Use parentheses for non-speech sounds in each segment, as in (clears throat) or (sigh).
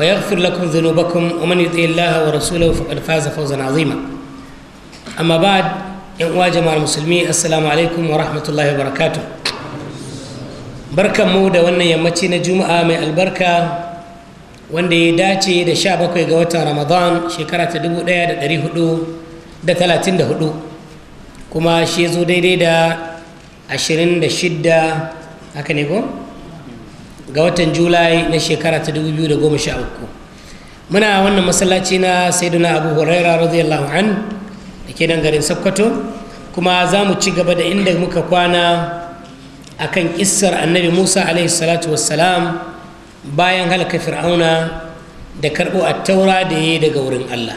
ويغفر لكم ذنوبكم ومن يطع الله ورسوله فقد فاز فوزا عظيما أما بعد yan jama'a musulmi assalamu alaikum wa rahmatullahi wa Barkan mu da wannan yammaci na juma'a mai albarka wanda ya dace da sha bakwai ga watan ramadan shekara ta dubu ɗaya da ɗari hudu da talatin da hudu kuma shi zo daidai da ashirin da shida. haka ne ko ga watan julai na shekara ta 2013 muna wannan masallaci na saiduna abu huraira radiyallahu an da ke nan garin sokoto kuma za mu ci gaba da inda muka kwana a kan kissar annabi musa alaihi salatu wassalam bayan halaka fir'auna da karɓo a taura da ya yi daga wurin allah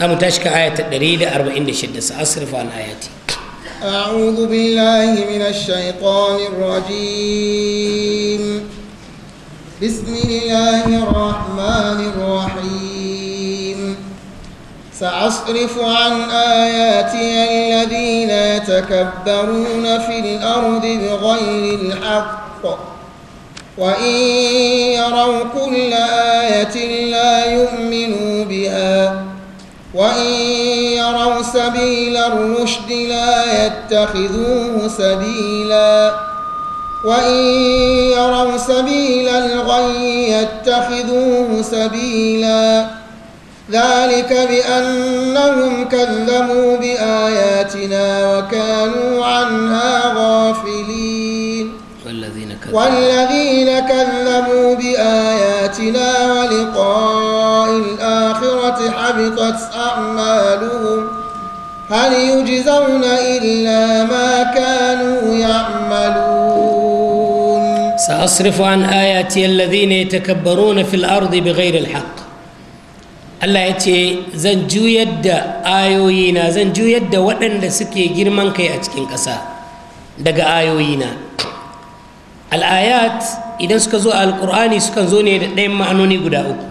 za mu tashi kan ayata 146 sa'asirfa an ayati أعوذ بالله من الشيطان الرجيم بسم الله الرحمن الرحيم سأصرف عن آياتي الذين يتكبرون في الأرض بغير الحق وإن يروا كل آية لا يؤمنوا بها وإن يروا سبيل الرشد لا يتخذوه سبيلاً وإن يروا سبيل الغي يتخذوه سبيلا ذلك بأنهم كذبوا بآياتنا وكانوا عنها غافلين والذين كذبوا, والذين كذبوا بآياتنا ولقاء الآخرة حبطت أعمالهم هل يجزون إلا ما كانوا سأصرف عن آياتي الذين يتكبرون في الأرض بغير الحق Allah ya ce zan juyar da ayoyina zan juyar da waɗanda suke girman kai a cikin ƙasa daga ayoyina al'ayat idan suka zo a alƙur'ani sukan zo ne da ɗayan ma'anoni guda uku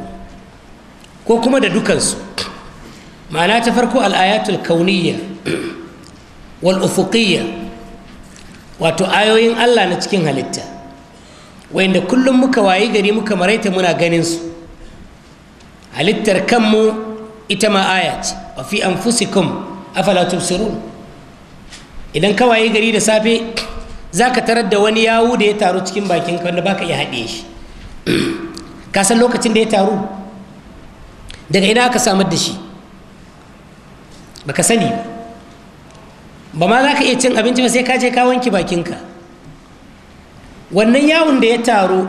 ko kuma da dukansu ma'ana ta farko al'ayatul kauniyya wal ufuƙiyya, wato ayoyin Allah na cikin halitta wanda kullum muka wayi gari muka maraita muna ganin su halittar kanmu ita ma aya ce wa fi anfusikum afala tubsirun idan ka wayi gari da safe Za ka tarar da wani yawu da ya taru cikin bakin ka wanda baka iya haɗe shi (clears throat) ka san lokacin da ya taru daga ina aka samar da shi baka sani ba ma za ka iya cin abinci ba sai ka je ka wanke bakinka wannan yawon da ya taru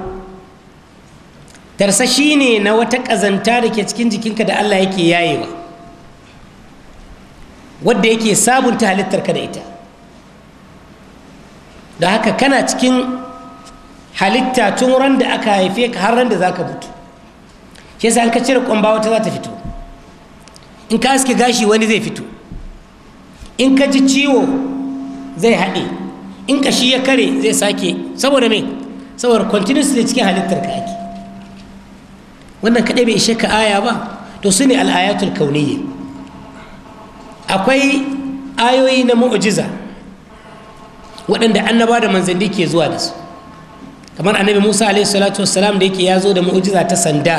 shi ne na wata ƙazanta da ke cikin jikinka da allah yake yayewa wadda yake sabunta halittarka da ita da haka kana cikin halitta tun ran da aka haife ka har ran da za ka mutu shi yasa an ka cire ƙwamba wata za ta fito in ka haske gashi wani zai fito in ka ji ciwo zai haɗe in kashi ya kare zai sake saboda mai saboda continuous cikin halittar ka ake wannan kaɗai bai ishe ka aya ba to su ne al'ayatul kauniyya akwai ayoyi na mu'ujiza waɗanda annaba da manzanni ke zuwa da su kamar annabi musa alaihi salatu da yake ya zo da mu'ujiza ta sanda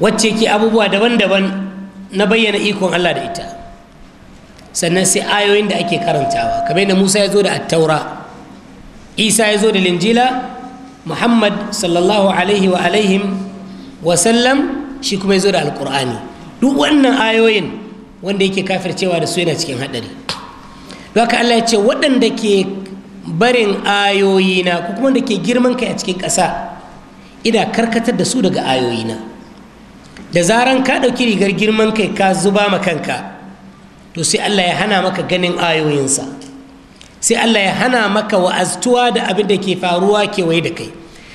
wacce ke abubuwa daban-daban na bayyana ikon allah da ita sannan sai ayoyin da ake karantawa kamar yadda musa ya zo da attaura isa ya zo da linjila muhammad sallallahu alaihi wa alaihim wasallam shi kuma ya zo da alkur'ani duk wannan ayoyin wanda yake kafircewa da su yana cikin haɗari haka allah ya ce waɗanda ke barin ayoyina ko kuma da ke girman kai a cikin ƙasa ina karkatar da su daga ayoyina da zaran ka ɗauki rigar girman kai ka zuba ma kanka to sai Allah ya hana maka ganin ayoyinsa sai Allah ya hana maka wa'aztuwa da abin da ke faruwa kewaye da kai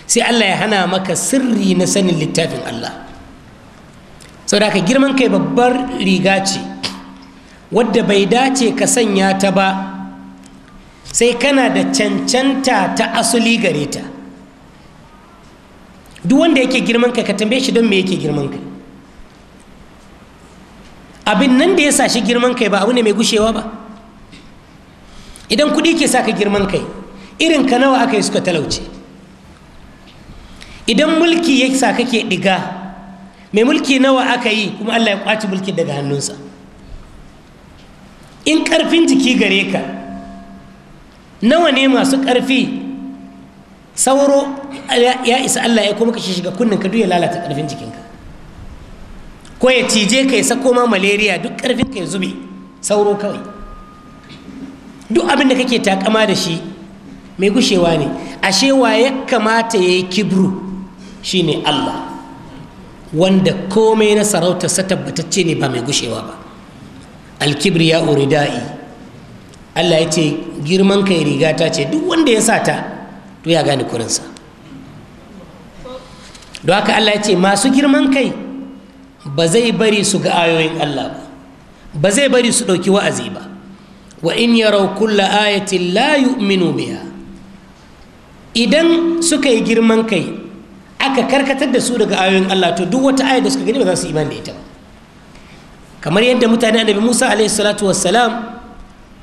sai Allah ya hana maka sirri na sanin littafin Allah da ka girman kai babbar riga ce wadda bai dace ka sanya ta ba sai kana da cancanta ta asali gare ta duk wanda yake girman kai ka tambaye shi don me yake girman kai abin nan da ya sa shi girman kai ba abu ne mai gushewa ba idan kuɗi ke sa ka girman kai irin ka nawa aka yi suka talauce idan mulki ya sa kake diga mai mulki nawa aka yi kuma allah ya kwaci mulki daga hannunsa in karfin jiki gare ka nawa ne masu ƙarfi sauro ya isa allah ya kuma kashe shiga kunnen ka duk ya lalata karfin jikinka ko ya cije ka ya sako ma malaria duk karfin ka ya zube sauro kawai duk abin da kake takama da shi mai gushewa ne ashe wa ya kamata ya yi kibru shine Allah wanda komai na sarauta sa tabbatacce ne ba mai gushewa ba alkibri alkibriya urida'i Allah ya ce girman kai riga ta ce duk wanda ya sa ta to ya gane kurinsa don haka Allah ya ce masu girman kai ba zai bari su ga ayoyin Allah ba ba zai bari su ɗauki wa'azi ba wa in yarau kulla ayatin la yu'minu idan suka yi girman kai aka karkatar da su daga ayoyin Allah to duk wata aya da suka gani ba za su imani da ita ba kamar yadda mutane annabi Musa alaihi salatu wassalam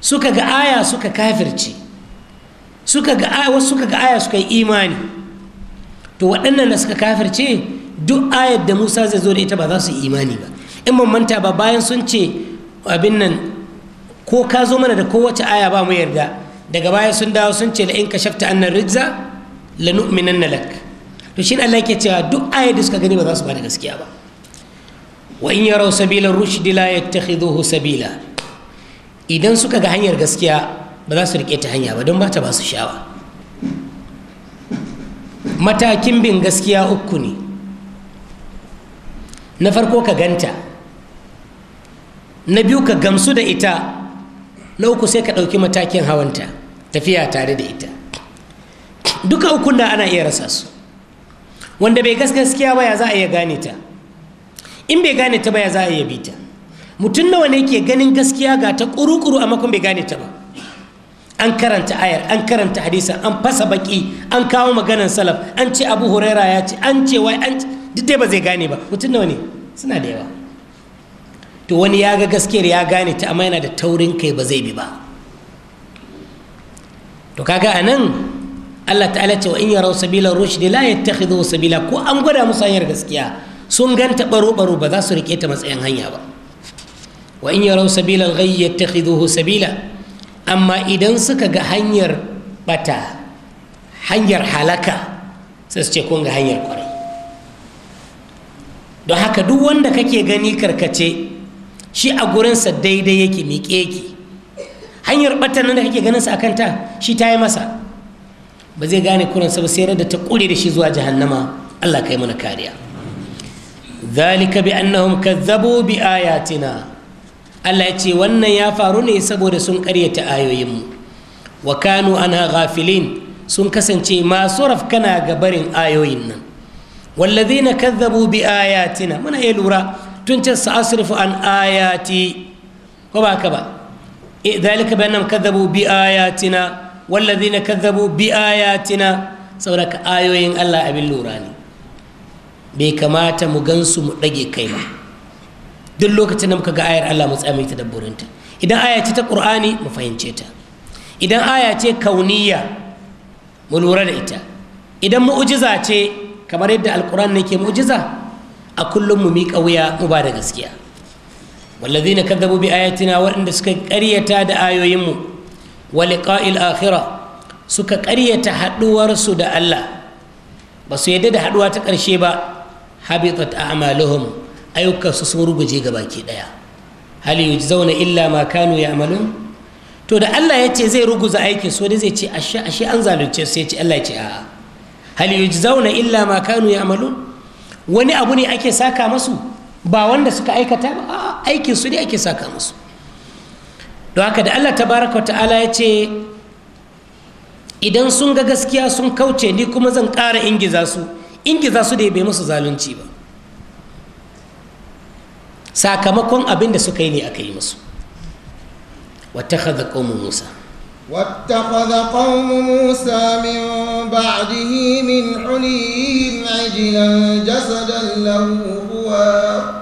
suka ga aya suka kafirce suka ga aya suka ga aya suka yi imani to waɗannan da suka kafirce duk ayar da musa zai zo da ita ba za su imani ba in ban manta ba bayan sun ce abin nan ko ka zo mana da kowace aya ba mu yarda daga baya sun dawo sun ce la in ka shafta annan rizza la nu'minan lak to shin Allah yake cewa duk ayar da suka gani ba za su bada gaskiya ba wa in yaraw sabila rushdi la yattakhidhuhu sabila idan suka ga hanyar gaskiya ba za su rike ta hanya ba don ba ta ba su shawa matakin bin gaskiya uku ne na farko ka ganta na biyu ka gamsu da ita na uku sai ka ɗauki matakin hawanta tafiya tare da ita duka ukun ana iya rasa su wanda bai gaskiya ba ya za a iya gane ta in bai gane ta ba ya za a iya bi ta mutum nawa ne ke ganin gaskiya ga ta kuru a amma kuma bai gane ta ba an karanta ayar an karanta hadisa, an fasa baki an kawo maganan salaf an ce abu huraira ya ce an ce wai an ce duk dai ba zai gane ba mutum nawa ne suna da yawa to wani ya ga gaskiyar ya gane ta amma yana da taurin kai ba zai bi ba to kaga a nan allah ta'ala ce wa in yarau sabila rushdi la yattakhidhu sabila ko an gwada musu hanyar gaskiya sun ganta baro baro ba za su rike ta matsayin hanya ba wa in yarau sabila ghayy yattakhidhuhu sabila amma idan suka ga hanyar bata hanyar halaka sai su ce kun ga hanyar kwarai don haka duk wanda kake gani karkace shi a gurinsa daidai yake miƙe yake hanyar ɓatan nan da kake ganinsa a kanta shi ta yi masa ba zai gane kurinsa ba sai da ta ƙure da shi zuwa jahannama allah ka yi mana kariya zalika bi annahum kazzabu bi ayatina allah ya ce wannan ya faru ne saboda sun ƙaryata ayoyinmu wa kanu anha ghafilin sun kasance masu rafkana ga barin ayoyin nan والذين كذبوا بآياتنا من هي لورا تنتس أصرف عن آياتي وبهكذا ذلك بأنهم كذبوا بآياتنا والذين كذبوا بآياتنا سورك آيوين الله أبي اللوراني بكمات مغنس مدقي كيما duk lokacin da muka ga ayar Allah mu tsame ta dabburinta idan aya ce ta Qur'ani mu fahimce ta idan aya ce kauniya mu lura da ita idan mu'jiza ce kamar yadda alƙuran ne ke mu'jiza a kullum mu miƙa wuya mu ba da gaskiya wallazina kadzabu bi ayatina waɗanda suka ƙaryata da ayoyinmu wa liqa'il akhira suka ƙaryata haɗuwarsu da Allah ba su yadda da haɗuwa ta ƙarshe ba habitat a'maluhum ayyukansu sun ruguje baki ɗaya hal yujzauna illa ma kanu ya'malun to da Allah ya ce zai ruguza aikin so da zai ce ashe an zalunce su ya ce Allah ya ce a'a hal yujzauna illa ma kanu ya'malun wani abu ne ake saka masu ba wanda suka aikata ba a'a aikin su ne ake saka masu don haka da Allah tabaraka ta'ala ya ce idan sun ga gaskiya sun kauce ni kuma zan ƙara ingiza su ingiza su da bai musu zalunci ba sakamakon abin da suka yi ne aka yi musu wata haza musa واتخذ قوم موسى من بعده من حليهم عجلا جسدا له خوار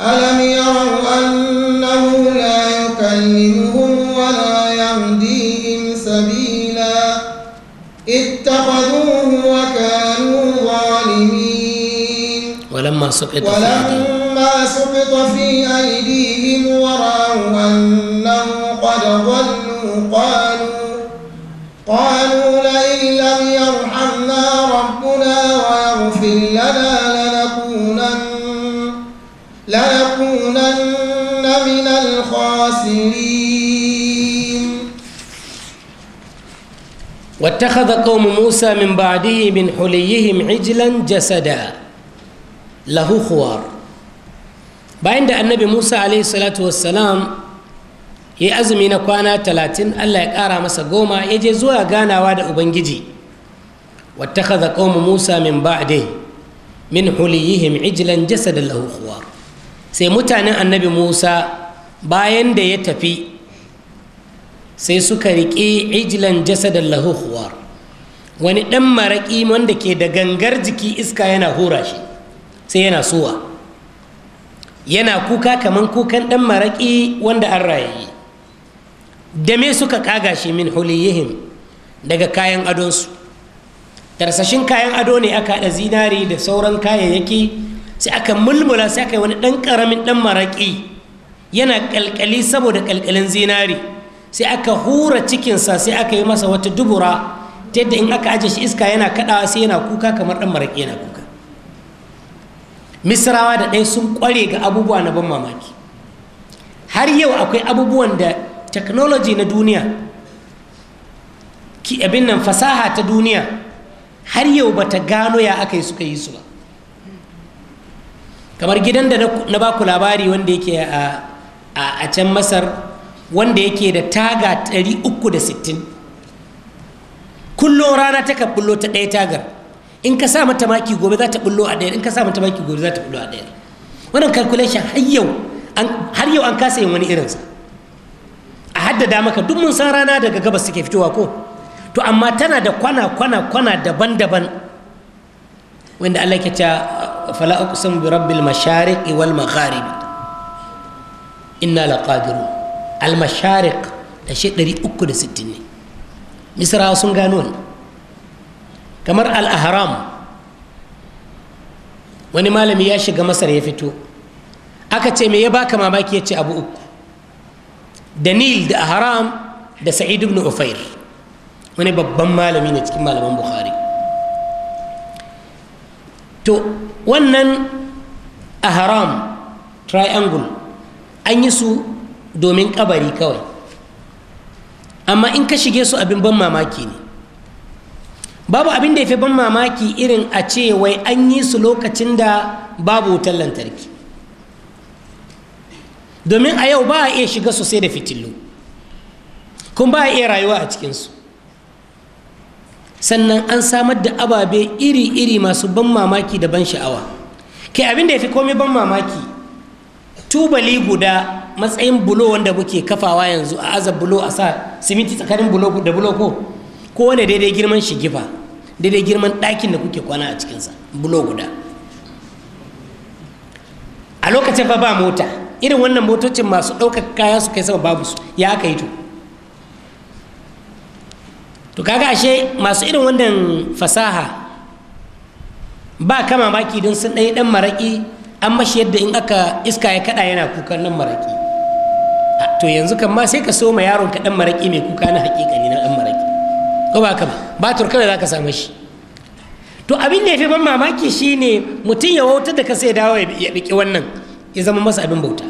ألم يروا أنه لا يكلمهم ولا يهديهم سبيلا اتخذوه وكانوا ظالمين ولما سقط ولما سقط في أيديهم ورأوا أنه قد ضل قالوا قالوا لئن لم يرحمنا ربنا ويغفر لنا لنكونن لنكونن من الخاسرين واتخذ قوم موسى من بعده من حليهم عجلا جسدا له خوار بعد النبي موسى عليه الصلاة والسلام ya yi azumi na kwana talatin allah ya ƙara masa goma ya je zuwa ganawa da ubangiji wata kaza ƙaumu musa min ba'de min huliyihim ijilan jasad lahuwa sai mutanen annabi musa bayan da ya tafi sai suka riƙe ijilan jasad lahuwa wani ɗan maraƙi wanda ke da gangar jiki iska yana hura shi sai yana suwa yana kuka kaman kukan ɗan maraƙi wanda an rayayi da me suka kaga shi min huliyihim daga kayan adonsu tarsashin kayan ado ne aka haɗa zinari da sauran kayayyaki sai aka mulmula sai aka yi wani ɗan ƙaramin ɗan maraƙi yana ƙalƙali saboda ƙalƙalin zinari sai aka hura cikinsa sai aka yi masa wata dubura ta yadda in aka aje shi iska yana kaɗawa sai yana kuka kamar ɗan maraƙi yana kuka misrawa da ɗaya sun ƙware ga abubuwa na ban mamaki har yau akwai abubuwan da technology na duniya ki abin nan fasaha ta duniya har yau ba ta gano ya aka yi suka yi su ba kamar gidan da na ba ku labari wanda yake a can masar wanda yake da taga 360 kullum rana ta bullo ta ɗaya tagar in ka sa mata maki gobe za ta bullo a ɗaya in ka sa mata maki gobe za ta bullo a ɗaya wannan calculation har yau an kasa yin wani irinsa haddada maka duk mun san rana daga gabas suke fitowa ko to amma tana da kwana kwana kwana daban-daban wanda Allah ke ta fala aqsamu bi rabbil mashariq wal magharib inna laqadirun al mashariq da shi 360 ne misra sun gano ne kamar al ahram wani malami ya shiga masar ya fito aka ce me ya baka mamaki ya ce abu uku da nil da haram da sa'id ibn ufair wani babban malami ne cikin malaman bukhari to wannan a haram triangle an yi su domin kabari kawai amma in ka shige su abin ban mamaki ne babu abin da ya fi ban mamaki irin a ce wai an yi su lokacin da babu wutar lantarki domin a yau ba a iya shiga sosai da fitilu kuma ba a iya rayuwa a cikinsu sannan an samar da ababe iri-iri masu ban mamaki da ban sha'awa kai abin da ya fi komai ban mamaki tubali guda matsayin bulo wanda muke kafawa yanzu a aza bulo a sa siminti tsakanin bulo da bulo ko kowane daidai girman shigifa daidai girman ɗakin da kuke kwana a cikinsa bulo guda a lokacin fa ba mota irin wannan motocin masu ɗaukar kaya su kai sama babu su ya aka yi to to kaga ashe masu irin wannan fasaha ba ka mamaki don sun ɗaya ɗan maraƙi an mashi yadda in aka iska ya kaɗa yana kukan nan maraƙi to yanzu kan ma sai ka so ma yaron ka ɗan maraƙi mai kuka na haƙiƙani na ɗan maraƙi ko ba ka ba batur kawai za ka samu shi to abin da ya fi ban mamaki shine mutum ya wautar da ka sai dawo ya biki wannan ya zama masa abin bauta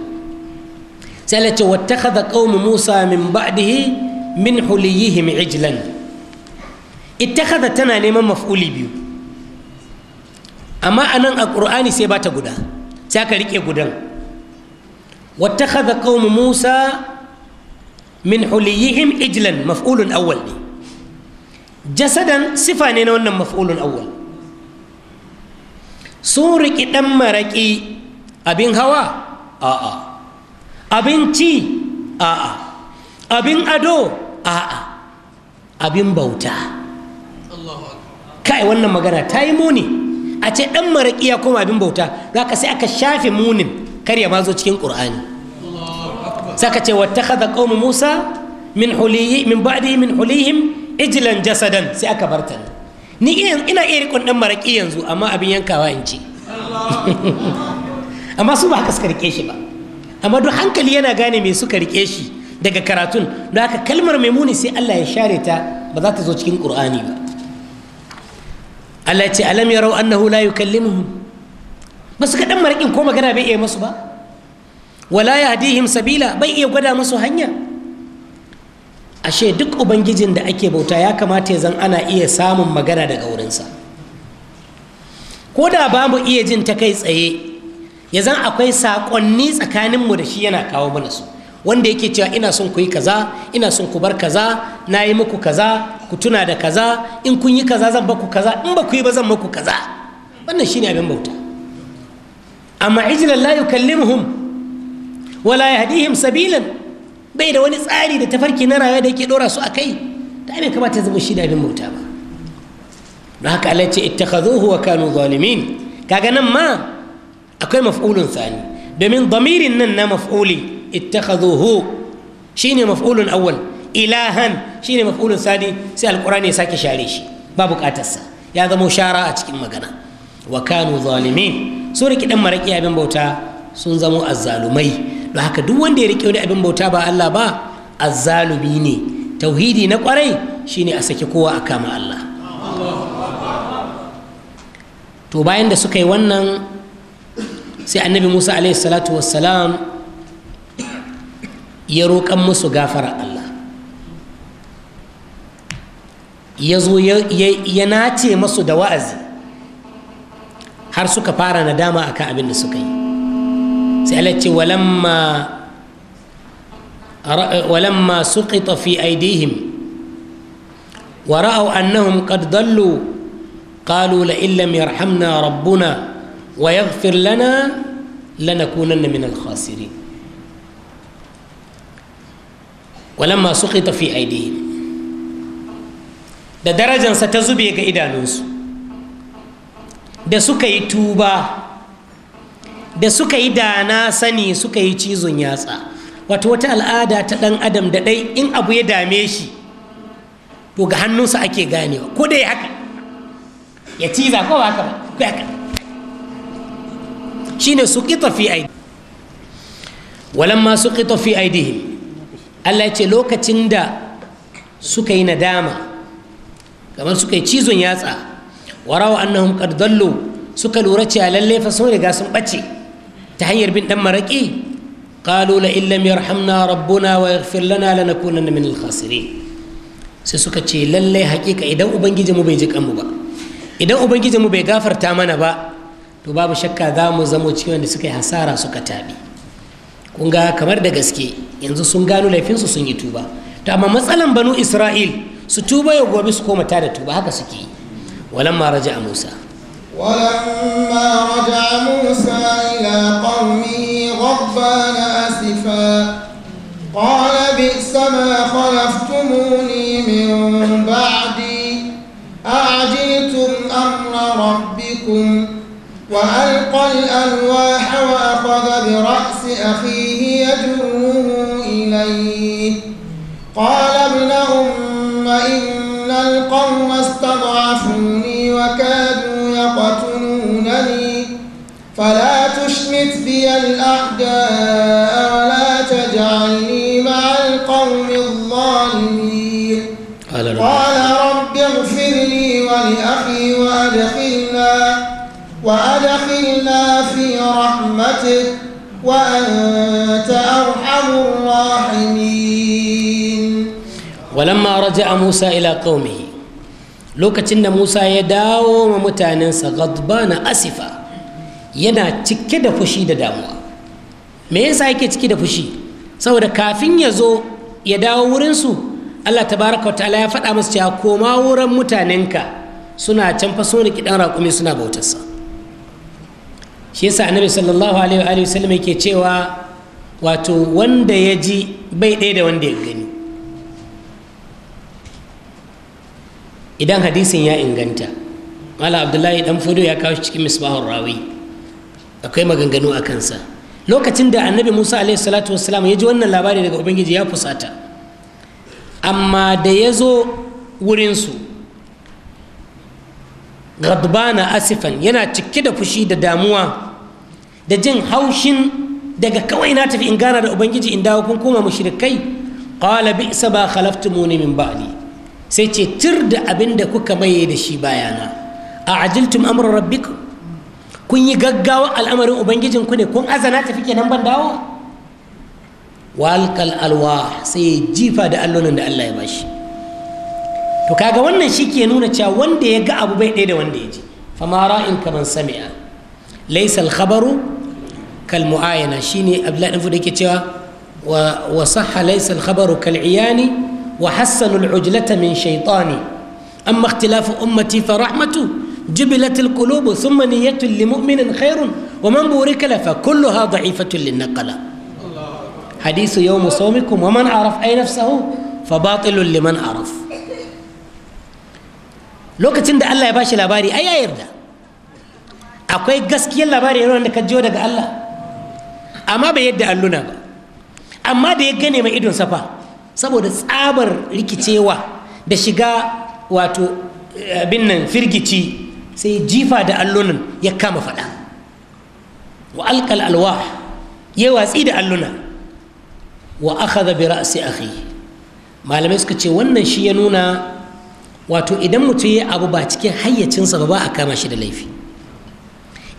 sai Allah ce wattakhadha qaumu Musa min ba'dihi min huliyihim ijlan ittakhadha tana neman maf'uli biyu amma nan a ƙur'ani sai bata guda sai aka riƙe gudan wattakhadha qaumu Musa min huliyihim ijlan maf'ulun awwal ne jasadan sifa ne na wannan maf'ulun awwal sun riƙi ɗan maraƙi abin hawa a'a abin ci a'a abin ado a'a abin bauta kai wannan magana ta yi muni a ce ɗan maraƙi ya abin bauta za ka sai aka shafe munin kar ya mazo cikin ƙur'ani saka ce wata kaza ƙaunar musa min huliyi min min hulihim ijilan jasadan sai aka barta ni ina iya riƙon ɗan maraƙi yanzu amma abin yankawa in ce (laughs) amma su ba haka suka rike shi ba amma duk hankali yana gane me suka rike shi daga karatun don aka kalmar mai muni sai Allah ya share ta ba za ta zo cikin Qur'ani ba Allah ya ce alam yarau annahu la yukallimuhum ba su dan maraƙin ko magana bai iya musu ba wala yahdihim sabila bai iya gwada musu hanya ashe duk ubangijin da ake bauta ya kamata ya zan ana iya samun magana daga wurinsa ko da ba mu iya jin ta kai tsaye ya zan akwai saƙonni tsakaninmu da shi yana kawo mana su wanda yake cewa ina son ku yi kaza ina son ku bar kaza na yi muku kaza ku tuna da kaza in kun yi kaza zan baku kaza in ba ku yi ba zan muku kaza wannan shine abin bauta amma ijilan la yukallimuhum wala yahdihim sabilan bai da wani tsari da tafarki na rayuwa da yake dora su akai da abin kamata zama shi da abin bauta ba don haka Allah ya ce ittakhazuhu wa kanu zalimin kaga nan ma akwai maf'ulun sani domin damirin nan na maf'uli ittakhadhuhu shine maf'ulun awwal ilahan shine maf'ulun sani sai alqur'ani ya sake share shi ba bukatarsa ya zama shara a cikin magana wa kanu zalimin so riki dan maraki abin bauta sun zamo azzalumai don haka duk wanda ya rike wani abin bauta ba Allah ba azzalumi ne tauhidi na kwarai shine a saki kowa a kama Allah to bayan da suka yi wannan sai annabi musa alaihi salatu wassalam ya roƙan musu gafara allah ya zo ya nace masu da wa'azi har suka fara nadama akan abin da suka yi sai allah ce walamma walamma suqita fi aidihim ورأوا أنهم قد ضلوا la illam لم rabbuna. rabbuna wa yaghfir lana lanakunanna min al-khasirin walamma suqita da darajansa ta zube ga idanunsu da suka yi tuba da suka yi dana sani suka yi cizon yatsa wata wata al'ada ta ɗan adam da ɗai in abu ya dame shi to ga hannunsa ake ganewa ko dai haka ya ciza ko ba haka ba shine su qita fi aidi walamma su fi aidihim Allah ya ce lokacin da suka yi nadama kamar suka yi cizon yatsa warawa annahum qad dallu suka lura cewa lalle fa sun riga sun bace ta hanyar bin dan maraki قالوا لئن لم يرحمنا ربنا ويغفر لنا لنكونن من الخاسرين sai suka ce lallai hakika idan ubangijinmu bai ji kanmu ba idan ubangijinmu bai gafarta mana ba to babu shakka za mu zamo cikin wanda suka yi hasara suka taɓi kun ga kamar da gaske yanzu sun gano laifinsu sun yi tuba to amma matsalan banu isra'il su tuba ya gobe su koma tada tuba haka suke yi ma raja musa ولما رجع موسى إلى قومه غضبان أسفا قال بئس ما خلفتموني من بعدي أعجلتم أمر ربكم وألقى الألواح وأخذ برأس أخيه يجره إليه قال ابن أم إن القوم استضعفوني وكادوا يقتلونني فلا تشمت بي الأعداء ولا تجعلني مع القوم الظالمين قال رب اغفر لي ولأخي وأدخلنا وأدخلنا في رحمتك وأنت أرحم الراحمين ولما رجع موسى إلى قومه لوكتن موسى يداوم ومتاننسا غضبان أسفا ينا تكد فشي داموا me yasa yake ciki da fushi saboda kafin ya zo ya dawo wurinsu allah tabaraka wa ta'ala ya faɗa musu cewa koma wurin mutanenka suna can fa sun riƙi ɗan raƙumi suna bautarsa shi yasa annabi sallallahu alaihi wa sallam yake cewa wato wanda ya ji bai ɗaya da wanda ya gani idan hadisin ya inganta mala abdullahi dan fodo ya kawo shi cikin misbahun rawi akwai maganganu a kansa lokacin da annabi musa alaihi salatu salam ya ji wannan labari daga ubangiji ya fusata amma da ya zo wurinsu gadbana asifan yana cike da fushi da damuwa da jin haushin daga kawai na tafi in gana da ubangiji in dawo kun koma mushrikai qala isa ba khalaftumuni min ba'di sai ce tir da abinda kuka maye da shi bayana a ajiltum amra rabbikum kun yi gaggawa al'amarin ubangijin ku ne kun azana tafi kenan ban dawo walqal alwa sai jifa da allonin da Allah ya bashi to kaga wannan shi ke nuna cewa wanda ya ga abu bai ɗaya da wanda ya ji fama ra'in kaman sami'a laysa al khabaru kal mu'ayana shine abdullahi dan yake cewa wa wa sahha laysa al khabaru kal iyani wa hassanu al ujlata min shaytani amma ikhtilafu ummati fa rahmatu جبلت القلوب ثم نية لمؤمن خير ومن بورك له فكلها ضعيفة للنقلة حديث يوم صومكم ومن عرف أي نفسه فباطل لمن عرف lokacin da Allah ya bashi labari ai ya yarda akwai gaskiyar labari ne wanda ka jiyo daga Allah amma bai yadda alluna ba amma da ya gane mai idon safa saboda tsabar rikicewa da shiga wato eh, abin nan firgici sai jifa da allunan ya kama faɗa wa alƙal alwa ya watsi da alluna wa aka bi ra'si akhi malamai suka ce wannan shi ya nuna wato idan mutum ya abu ba cikin hayyacinsa ba ba a kama shi da laifi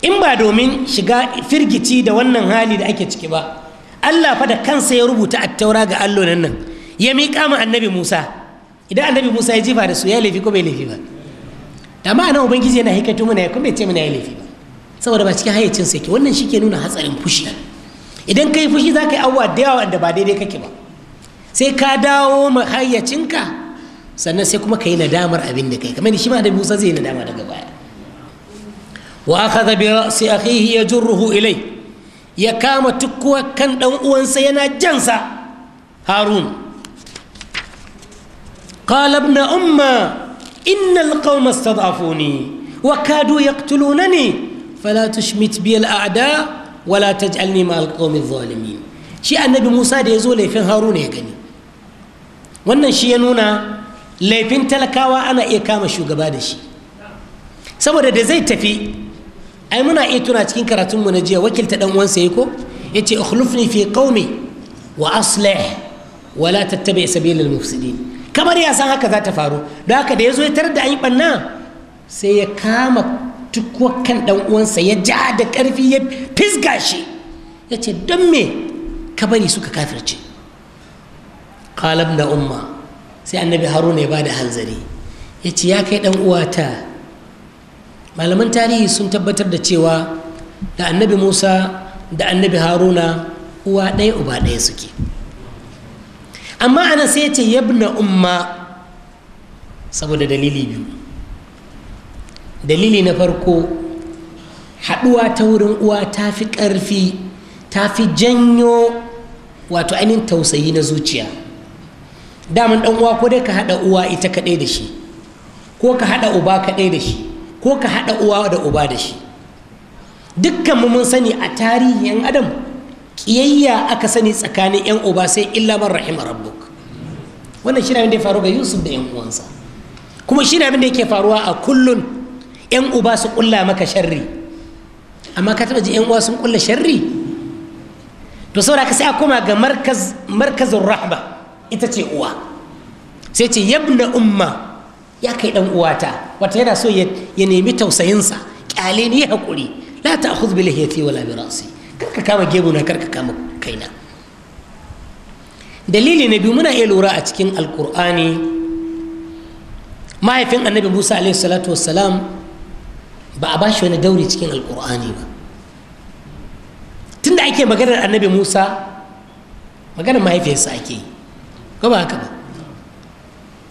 in ba domin shiga firgici da wannan hali da ake ciki ba allah fa da kansa ya rubuta a taura ga allo nan nan ya miƙa ma annabi musa idan annabi musa ya jifa da su ya laifi ko bai laifi ba da ma'ana ubangiji yana hikatu mana ya kuma ce mana ya laifi ba saboda ba cikin hayyacinsa yake wannan shi ke nuna hatsarin fushi idan ka yi fushi za ka yi abubuwa da yawa da ba daidai kake ba sai ka dawo ma hayyacinka sannan sai kuma ka yi nadamar abin da kai kamar shi ma da musa zai yi nadama daga baya wa aka zabi sai akhihi ya ruhu ilai ya kama tukkuwa kan ɗan uwansa yana jansa harun قال ابن أمة إن القوم استضعفوني وكادوا يقتلونني فلا ada بي الأعداء ولا تجعلني مع القوم الظالمين Shi annabi Musa da ya zo laifin haruna ya gani wannan shi ya nuna laifin talakawa ana iya kama shugaba da shi saboda da zai tafi ai muna iya tuna cikin karatunmu na jiya wakilta dan uwansa ya ko ya ce ukhlufni fi qaumi wa aslih wa la tattabi sabilal mufsidin kamar ya san haka za ta faru don haka da ya zo ya tarar da an yi banna sai ya kama tukwakan dan uwansa ya ja da karfi ya fisga shi ya ce don me ka bari suka kafirce qalab na umma sai annabi haruna ya bada hanzari ya ce ya kai dan uwata malaman tarihi sun tabbatar da cewa da annabi musa da annabi haruna uwa ɗaya uba ɗaya suke amma ana sai ce yabna umma saboda dalili biyu dalili na farko haɗuwa ta wurin uwa ta fi ƙarfi ta fi janyo wato ainihin tausayi na zuciya daman dan uwa ko dai ka hada uwa ita kadai da shi ko ka hada uba kadai da shi ko ka hada uwa da uba da shi dukkan mu mun sani a tarihi yan adam kiyayya aka sani tsakanin yan uba sai illa man rahima rabbuk wannan shi da ya faru ga Yusuf da yan uwansa kuma shi abin da yake faruwa a kullun yan uba su kulla maka sharri amma ka taba ji yan uwa sun kulla sharri to saboda ka sai a koma ga markaz markazin rahma ita ce uwa sai ce yabna umma ya kai dan uwata wata yana so ya nemi tausayinsa kyale ni hakuri la ta'khudh bil lihiyati wala bi ra'si karka kama gebu na karka kama kaina dalili na biyu muna iya lura a cikin alkur'ani mahaifin annabi musa alaihi salatu wassalam ba a bashi wani dauri cikin alkur'ani ba tunda ake maganar annabi musa maganar mahaifiyarsa ake yi ko ba haka ba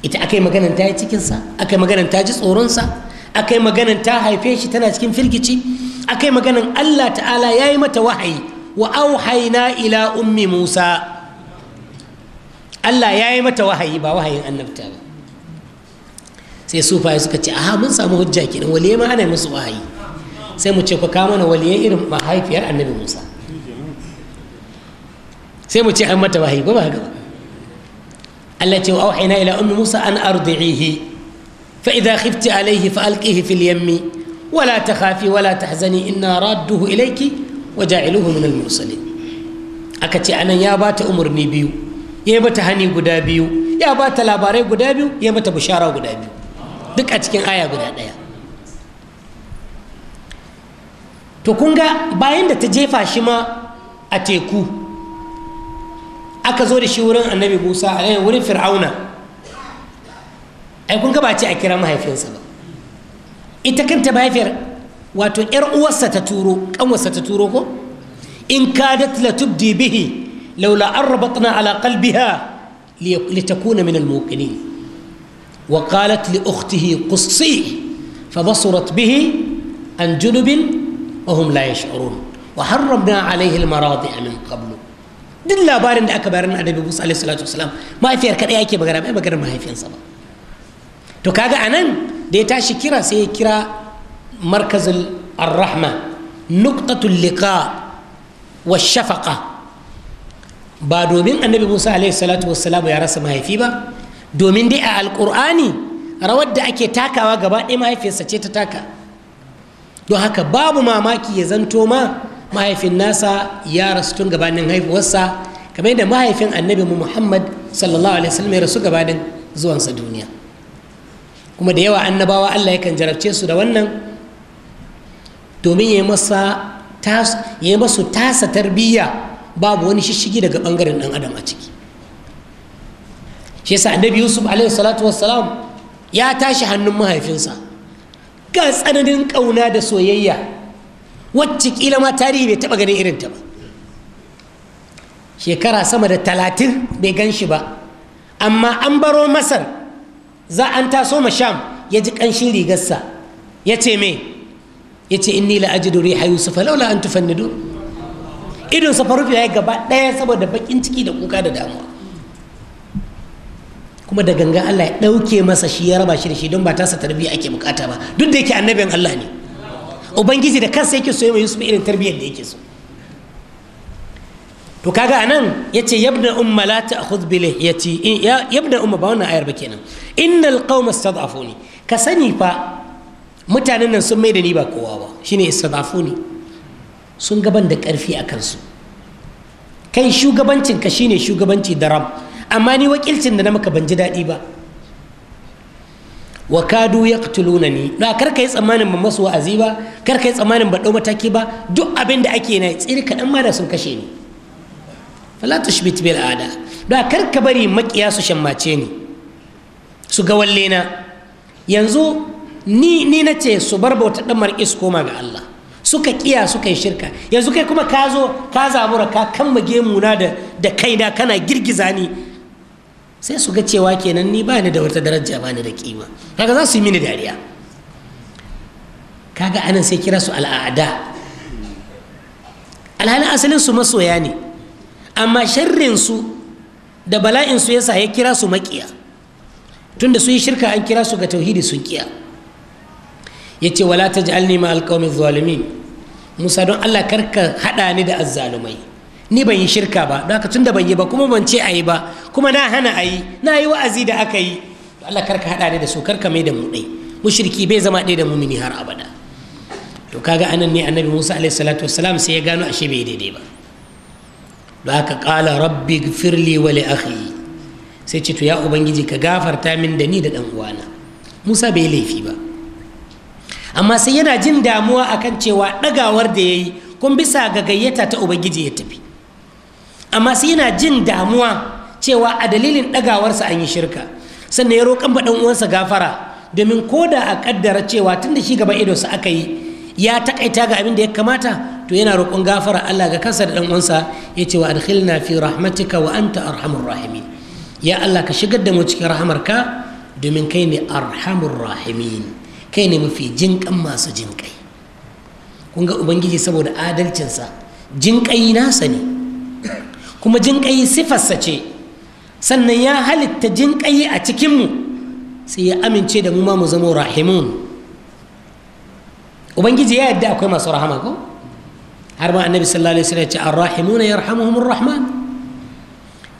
ita aka yi maganan ta yi cikinsa aka yi maganan ta ji tsoronsa aka yi maganan ta haife shi tana cikin firgici aka yi maganan allah ta'ala ya yi mata wahayi wa auhaina ila ummi musa allah ya yi mata wahayi ba wahayin annabta ba sai sufaye suka ce aha mun samu hujja kenan waliye ma ana musu wahayi sai mu ce ku kama na waliye irin mahaifiyar annabi musa sai mu ce an mata wahayi ba ba haka ba Allah ce wa auhayna ila ummi Musa an ardi'ihi fa idza khifti alayhi fa alqihi fil yammi wala takhafi wala tahzani inna radduhu ilayki wa ja'iluhu min al mursalin aka ce anan ya bata umurni biyu ya bata hani guda biyu ya bata labarai guda biyu ya bata bishara guda biyu duk a cikin aya guda ɗaya to kun bayan da ta jefa shima a teku aka zo da shi wurin annabi musa a wurin fir'auna ai kun ba ce a kira mahaifinsa ba ita kanta mahaifiyar wato yar uwarsa ta turo kanwarsa ta turo ko in kadat la tubdi bihi laula an rabatna ala qalbiha litakuna min almuqinin wa qalat li ukhtihi qussi فبصرت به عن جنب وهم لا يشعرون وحرمنا عليه المراضع من قبل duk labarin da aka bayar na annabi Musa alaihi salatu wasalam mahaifiyar kadai yake magana bai magana mahaifiyarsa ba to kaga anan da ya tashi kira sai ya kira markazul arrahma. rahma nuqtatul liqa wa shafaqa ba domin annabi Musa alaihi salatu wasalam ya rasa mahaifi ba domin dai a alqur'ani rawar da ake takawa gaba ɗaya mahaifiyarsa ce ta taka don haka babu mamaki ya zanto ma mahaifin nasa ya rasu tun gabanin haifuwarsa kamar yadda mahaifin annabi mu muhammad sallallahu alaihi wasallam ya rasu gabanin zuwansa duniya kuma da yawa annabawa allah yakan jarabce su da wannan domin ya yi masu tasa tarbiyya babu wani shishigi daga bangaren dan adam a ciki shi yasa annabi yusuf alaihi salatu wassalam ya tashi hannun mahaifinsa ga tsananin kauna da soyayya wacce kila ma tarihi bai taɓa ganin ta ba shekara sama da talatin bai gan shi ba amma an baro masar za an taso sham ya ji ƙanshin rigarsa ya ce me ya ce inni la ajidu riha yusufa laula an tufannidu idon sa farufi ya gaba ɗaya saboda bakin ciki da kuka da damuwa kuma da gangan Allah ya ɗauke masa shi ya raba shi da shi don ba tasa tarbiyya ake bukata ba duk da yake annabin Allah ne ubangiji da kansa yake so yawa yusuf irin tarbiyyar da yake so to kaga anan yace yabda umma la ta'khudh ya lihiyati yabda umma ba wannan ayar ba kenan innal qauma istad'afuni ka sani fa mutanen nan sun mai da ni ba kowa ba shine istad'afuni sun gaban da karfi a kansu kai shugabancin ka shine shugabanci da rab amma ni wakilcin da na maka ban ji daɗi ba wa kadu ni na kar yi tsammanin ba masu wa'azi ba kar yi tsammanin ba ɗau mataki ba duk abin da ake na tsiri kaɗan ma sun kashe ni shi tushbit bil ada da kar ka bari makiya su shammace ni su ga walle na yanzu ni ni ce su bar bauta marƙi su koma ga Allah suka kiya suka yi shirka yanzu kai kuma ka zo ka zabura ka kammage muna da da kaina kana girgiza ni sai su ga cewa kenan ni ba ni da wata daraja ba ni da kima kaga za su yi mini dariya kaga anan sai kira su al'ada alhalin asalin su masoya ne amma sharrin su da bala'in su yasa ya kira su makiya tunda su yi shirka an kira su ga tauhidi sun kiya yace wala taj'alni ma alqawmi zalimin musa don Allah karka haɗa ni da azzalumai ni ban yi shirka ba don haka tun da ban yi ba kuma ban ce a yi ba kuma na hana a yi na yi wa'azi da aka yi to Allah karka haɗa ni da su karka mai da mu ɗai mushriki bai zama ɗaya da mumini har abada to kaga anan ne annabi Musa alaihi salatu wassalam sai ya gano ashe bai daidai ba don haka qala rabbi firli wa li akhi sai ce to ya ubangiji ka gafarta min da ni da dan uwana Musa bai laifi ba amma sai yana jin damuwa akan cewa dagawar da yayi kun bisa ga gayyata ta ubangiji ya tafi amma sai yana jin damuwa cewa a dalilin ɗagawarsa an yi shirka sannan ya roƙan baɗan uwansa gafara domin ko da a ƙaddara cewa tun da shi gaba sa aka yi ya taƙaita ga abin da ya kamata to yana roƙon gafara Allah ga kansa da ɗan uwansa ya ce wa adkhilna fi rahmatika wa anta arhamur rahimin ya Allah ka shigar da mu cikin rahamarka domin kai ne arhamur rahimin kai ne mafi jinƙan masu jinƙai kun ga ubangiji saboda adalcinsa jinƙai nasa ne kuma jinƙayi sifarsa ce sannan ya halitta jinƙayi a cikinmu sai ya amince da mu ma mu zama rahimun ubangiji ya yadda akwai masu rahama ko har ma annabi sallallahu alaihi wasallam ya ce arrahimuna yarhamuhumur rahman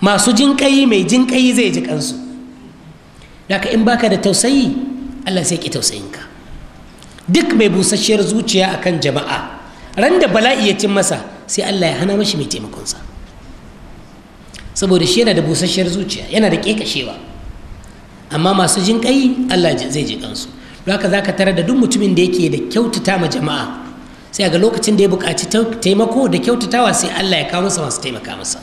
masu jinƙayi mai jinƙayi zai ji kansu haka in baka da tausayi Allah sai ki tausayinka duk mai busasshiyar zuciya akan jama'a ran da bala'i ya cin masa sai Allah ya hana mashi mai taimakonsa saboda shi yana da busasshiyar zuciya yana da ƙeƙashewa amma masu jin ƙai Allah zai ji kansu don haka zaka tarar da duk mutumin da yake da kyautata ma jama'a sai ga lokacin da ya buƙaci taimako da kyautatawa sai Allah ya kawo masa masu taimaka masa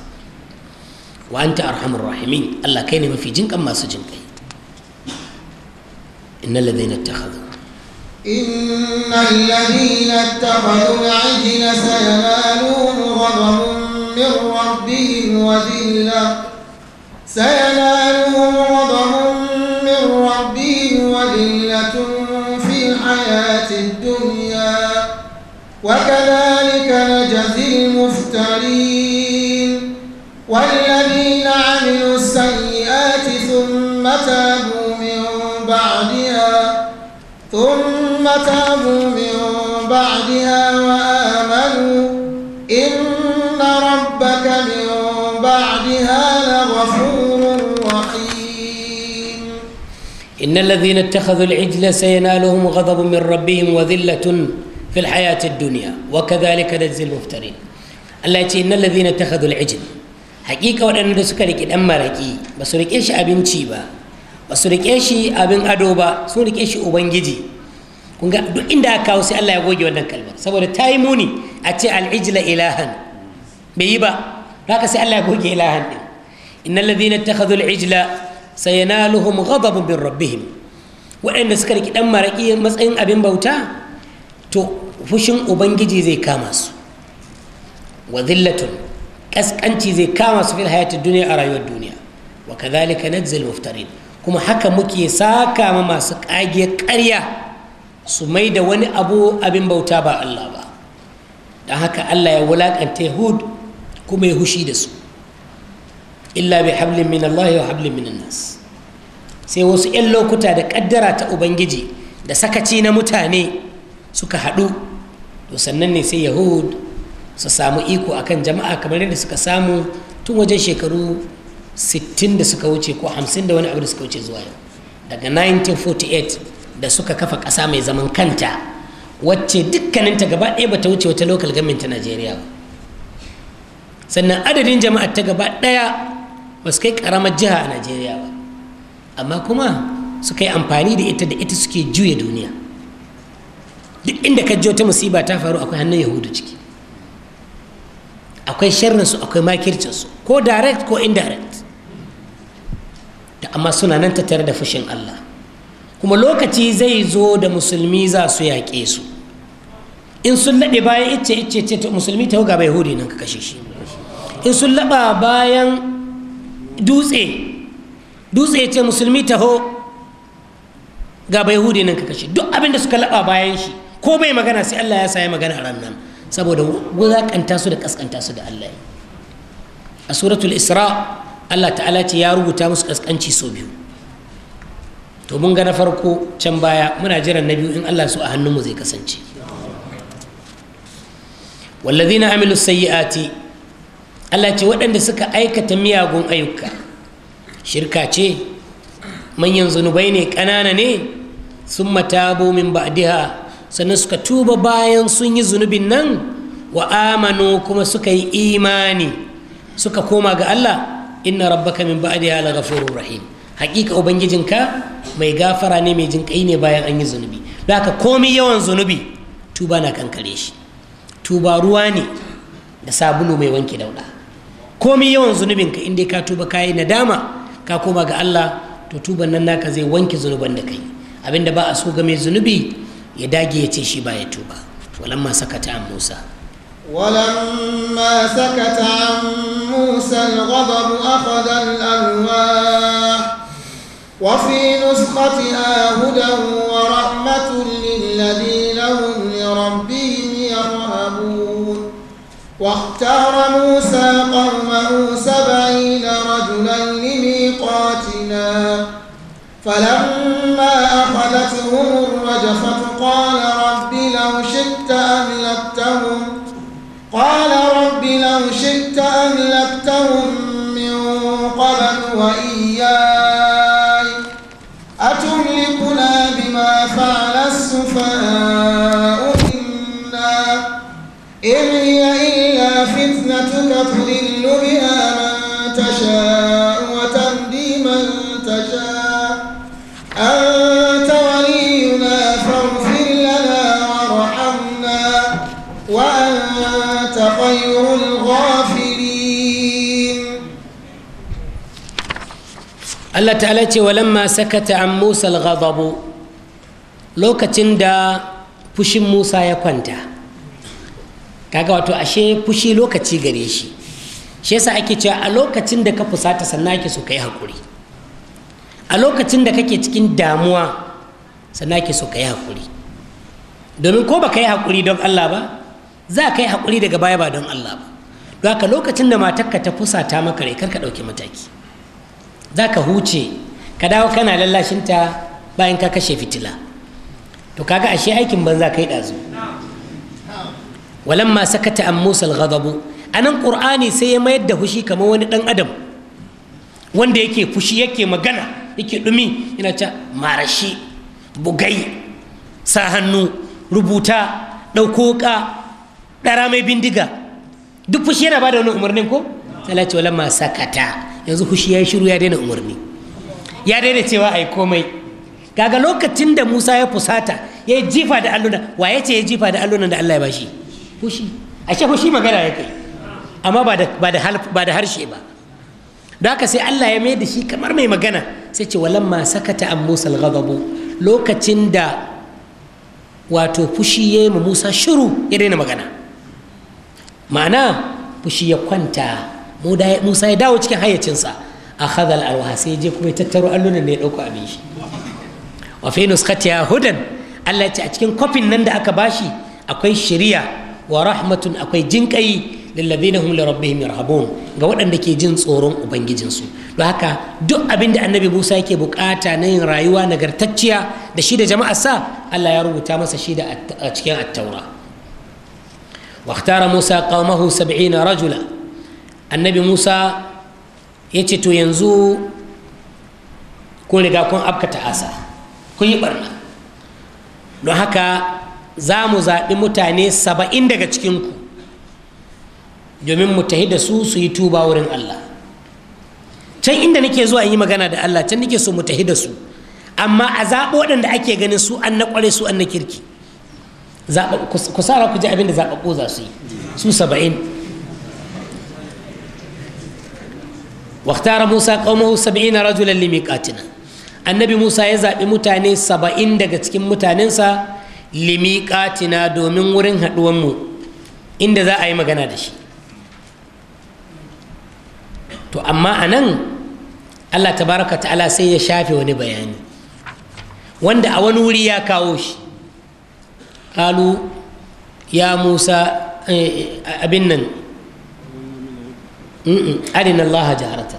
wa anta arhamur rahimin Allah kai ne mafi kan masu jin kai innal ladina ittakhadhu إن الذين اتخذوا العجل سينالهم غضب من ربهم وذلة سينالهم غضب من ربهم وذلة في الحياة الدنيا وكذلك نجزي المفترين والذين عملوا السيئات ثم تابوا من بعدها ثم تابوا من بعدها وآمنوا إن الذين اتخذوا العجل سينالهم غضب من ربهم وذلة في الحياة الدنيا وكذلك نجزي المفترين الله يقول إن الذين اتخذوا العجل حقيقة وأن سكرك الأمة ركي بس إيش أبن تشيبا بس إيش أبن أدوبا سورك إيش أبن جدي kun ga duk inda aka kawo sai Allah ya goge wannan kalmar saboda ta yi muni a ce al'ijla ilahan bai yi ba haka sai Allah ya goge ilahan din innal ladhina ittakhadhu al'ijla sayanaluhum ghadabun bin rabbihim waɗanda suka riki ɗan maraƙi matsayin abin bauta to fushin ubangiji zai kama su wa zillatun ƙasƙanci zai kama su fil hayata duniya a rayuwar duniya wa kadhalika najzil muftarin kuma haka muke saka ma masu ƙage ƙarya su mai da wani abu abin bauta ba Allah ba don haka Allah ya wulaƙanta Yahud kuma ya hushi da su illa bi hablin min Allah wa hablin min nas sai wasu 'yan lokuta da kaddara ta ubangiji da sakaci na mutane suka hadu to sannan ne sai yahud su samu iko akan jama'a kamar yadda suka samu tun wajen shekaru 60 da suka wuce ko 50 da wani abu da suka wuce zuwa yau daga 1948 da suka kafa ƙasa mai zaman kanta wacce dukkaninta gaba ɗaya bata wuce wata local government ta najeriya ba sannan adadin jama'a ta gaba ɗaya ba su kai karamar jiha a najeriya ba amma kuma su kai amfani da ita da ita suke juya duniya duk inda ka ta musiba ta faru akwai hannun yahudu ciki akwai sharrinsu akwai makircinsu ko direct ko indirect da amma suna nan ta tare da fushin allah kuma lokaci zai zo da musulmi za su yaƙe su in sun laɗe bayan icce icce ce musulmi ta huga ba yahudi nan ka kashe shi in sun laɓa bayan dutse dutse ce musulmi taho ga bai hude nan ka kashe duk abin da suka laɓa bayan shi ko bai magana sai Allah ya sa magana a ranar saboda wulakanta su da kaskanta su da Allah a suratul isra Allah ta'ala ce ya rubuta musu kaskanci sau biyu to mun ga na farko can baya muna jiran na biyu in Allah su a hannunmu zai kasance والذين عملوا السيئات Allah ce waɗanda suka aikata miyagun ayyuka shirka ce manyan zunubai ne ƙanana ne sun matabo min ba'diha sannan suka tuba bayan sun yi zunubin nan wa amanu kuma suka yi imani suka koma ga Allah inna rabbaka min ba'diha la ghafurur rahim hakika ubangijinka mai gafara ne mai jinkai ne bayan an yi zunubi da haka komi yawan zunubi tuba na kankare shi tuba ruwa ne da sabulu mai wanke dauɗa komi yawan zunubin zunubinka inda ka tuba ka yi nadama ka koma ga allah to tuba nan naka zai wanke zunuban da kai abinda ba a so ga mai zunubi ya dage ya ce shi ba ya tuba ma sakata an musa Walan musa, ولما سكت عن موسى الغضب أخذ الألواح وفي نسختها هدى ورحمة للذين هم يرهبون واختار موسى قومه فلما أخذتهم الرجفة قال رب لو شئت أهلكتهم قال رب لو شئت أهلكتهم من قبل وإياي أتهلكنا بما فعل السفهاء منا إن هي إلا فتنتك تضل بها Allah ta'ala ce walamma sakata an Musa al-ghadabu lokacin da fushin Musa ya kwanta kaga wato ashe fushi lokaci gare shi shi yasa ake cewa a lokacin da ka fusata sannan ake so kai hakuri a lokacin da kake cikin damuwa sannan ake so kai hakuri domin ko baka yi hakuri don Allah ba za ka yi hakuri daga baya ba don Allah ba don haka lokacin da matarka ta fusata maka rai kar ka ɗauki mataki za ka huce ka dawo kana lallashinta bayan ka kashe fitila to kaga ashe aikin banza kai ɗazu walamma sakata an musal ghadabu anan qur'ani sai ya mayar da fushi kamar wani dan adam wanda yake fushi yake magana yake dumi yana ta marashi bugai sa hannu rubuta ɗauko ka ɗara mai bindiga duk fushi yana bada wani umarnin ko sai ce walamma sakata yanzu hushi ya yi shiru ya daina umarni ya daina cewa a yi komai kaga lokacin da musa ya fusata ya yi jifa da alluna wa ya ce ya jifa da alluna da allah ya bashi hushi ashe hushi magana ya kai amma ba da harshe ba da haka sai allah ya mai da shi kamar mai magana sai ce ma sakata an musa al-ghadabu lokacin da wato fushi ya yi ma musa shiru ya daina magana ma'ana fushi ya kwanta musa ya dawo cikin hayyacinsa a hadal alwaha sai je kuma ya tattaro allunan da ya ɗauko abin shi wa fi ya hudan allah ya ce a cikin kwafin nan da aka bashi akwai shari'a wa rahmatun akwai jinƙai lillabina hum lirabbihim yarhabun ga waɗanda ke jin tsoron ubangijinsu don haka duk abin da annabi Musa yake bukata na yin rayuwa nagartacciya da shi da jama'arsa Allah ya rubuta masa shi da a cikin attaura wa ikhtara Musa qaumahu 70 rajula annabi musa ya ce to yanzu kun riga kun abkata asa kun yi barna don haka za mu zaɓi mutane saba'in daga cikinku domin mu tahi da su su yi tuba wurin allah can inda nake zuwa in yi magana da allah can nake so mu tahi da su amma a zaɓo waɗanda ake ganin su an na ƙware su an na kirki ku sara ku ji abin da zaɓaɓɓo za su yi su saba'in واختار موسى قومه سبعين رجلا لميقاتنا النبي موسى يزعب متاني سبعين دقتكم متاننسا لميقاتنا دومين ورن هدومو إن ذا أي مغانا دشي to amma a nan allah tabaraka ta'ala sai ya shafe wani bayani wanda a wani wuri ya kawo shi kalu ya musa abin nan أرنا الله جهرة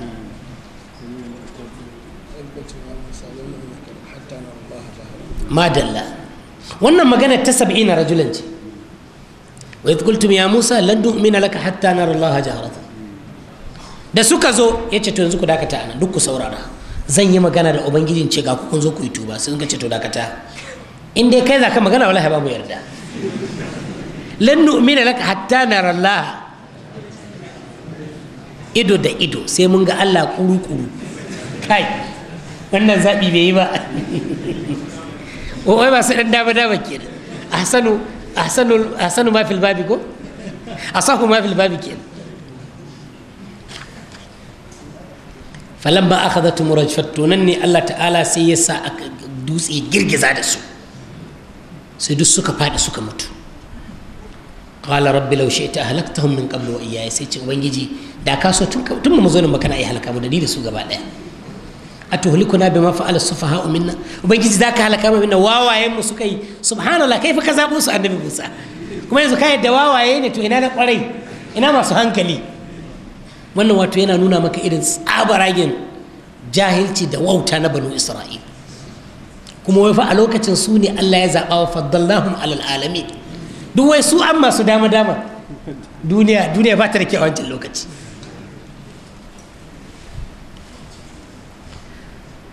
ما دل wannan magana ta sab'ina rajulan ce wa idh qultum ya musa lan nu'mina laka hatta nara allaha jaharatan da suka zo ya ce to yanzu ku dakata anan duk ku saurara zan yi magana da ubangijin ce ga ku kun zo ku yi tuba sun ga ce to dakata in dai kai zaka magana wallahi babu yarda lan nu'mina laka hatta nara allaha ido da ido sai mun ga Allah kuru-kuru kai wannan zaɓi bai yi ba (laughs) wai masu ɗan dama dama ke da ahsanu ahsanu ahsanu ma fil babi ko asahu ma fil babi ke nan falamma akhadhatu murajfatu nan ne Allah ta'ala sai ya sa dutse girgiza da su sai duk suka faɗi suka mutu qala rabbi law shi'ta ahlaktahum min qablu wa iyaya sai ce ubangiji da ka so tun tun mu zo nan makana ai halaka mu da ni da su gaba daya atuhlikuna bima fa'ala sufaha'u minna ubangiji ka halaka mu minna wawaye mu suka yi subhanallah kaifa ka zabo su annabi Musa kuma yanzu ka yadda wawaye ne to ina da kwarai ina masu hankali wannan wato yana nuna maka irin tsabaragen jahilci da wauta na banu isra'il kuma wai fa a lokacin su ne allah ya zaɓa wa faddallahum alal alamin duk wai su an masu dama dama duniya duniya ba ta da kyau a wancan lokaci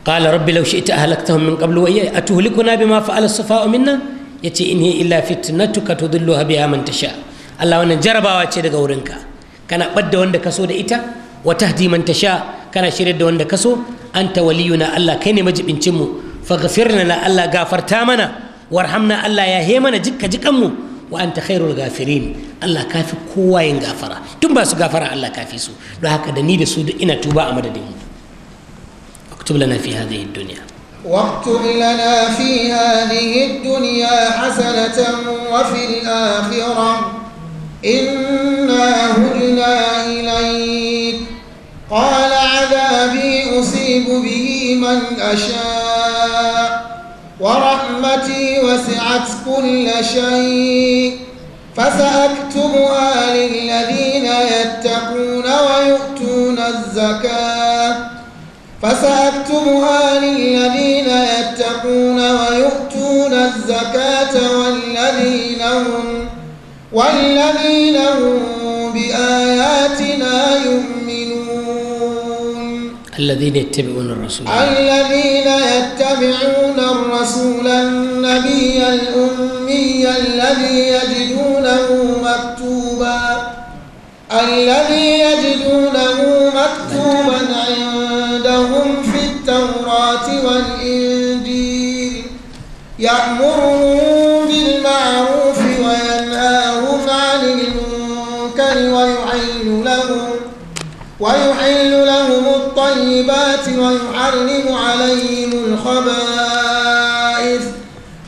قال رب لو شئت أهلكتهم من قبل وإياي أتهلكنا بما فعل السفهاء منا يتي إن هي إلا فتنتك تضلها بها من sha. Allah wannan jarabawa ce daga wurinka kana ɓadda wanda kaso da ita wa tahdi man tasha kana shiryar da wanda kaso anta waliyuna Allah kai ne majibincin mu faghfirna na Allah gafarta mana warhamna Allah ya he mana jikka jikan mu وانت خير الغافرين الله كافي كوا ينغفر تم باسو غفر الله كافي سو دو هكا دني دي سود ان توبا امددين اكتب لنا في هذه الدنيا واكتب لنا في هذه الدنيا حسنة وفي الآخرة إنا هدنا إليك قال عذابي أصيب به من أشاء ورحمتي وسعت كل شيء فسأكتبها للذين يتقون ويؤتون الزكاة فسأكتبها للذين يتقون ويؤتون الزكاة والذين هم والذين هم بآياتنا يؤمنون الذين يتبعون الرسول الذين يتبعون الرسول النبي الأمي الذي يجدونه مكتوبا الذي يجدونه مكتوبا عندهم في التوراة والإنجيل يأمر الطيبات ويحرم عليهم الخبائث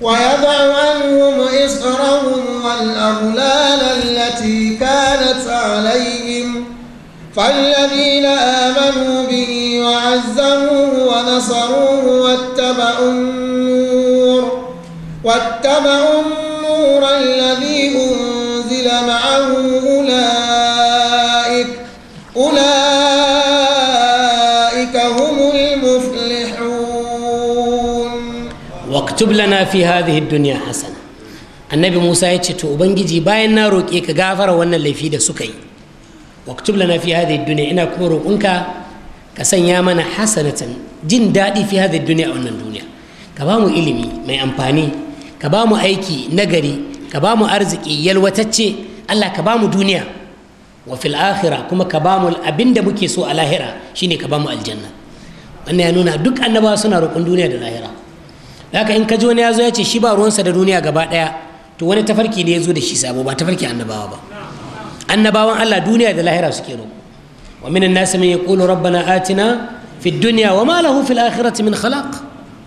ويضع عنهم إصرهم والأغلال التي كانت عليهم فالذين آمنوا به وعزروه ونصروه واتبعوا النور واتبعوا النور الذي أنزل معه waktub lana fi hadhihi dunya hasana annabi musa ya ce to ubangiji bayan na roƙe ka gafara wannan laifi da suka yi waktub lana fi hadhihi dunya ina kuma roƙonka ka sanya mana hasanatan jin daɗi fi hadhihi dunya a wannan duniya ka ba mu ilimi mai amfani ka ba mu aiki nagari ka ba mu arziki yalwatacce Allah ka ba mu duniya wa fil kuma ka ba mu abin da muke so a lahira shine ka ba mu aljanna wannan ya nuna duk annabawa suna roƙon duniya da lahira haka in kaji wani yazo yace shi ba ruwansa da duniya gaba daya to wani tafarki ne yazo da shi sabo ba tafarki annabawa ba annabawan Allah duniya da lahira suke roƙo wa minan nasi man yaqulu rabbana atina fid dunya wa ma lahu fil akhirati min khalaq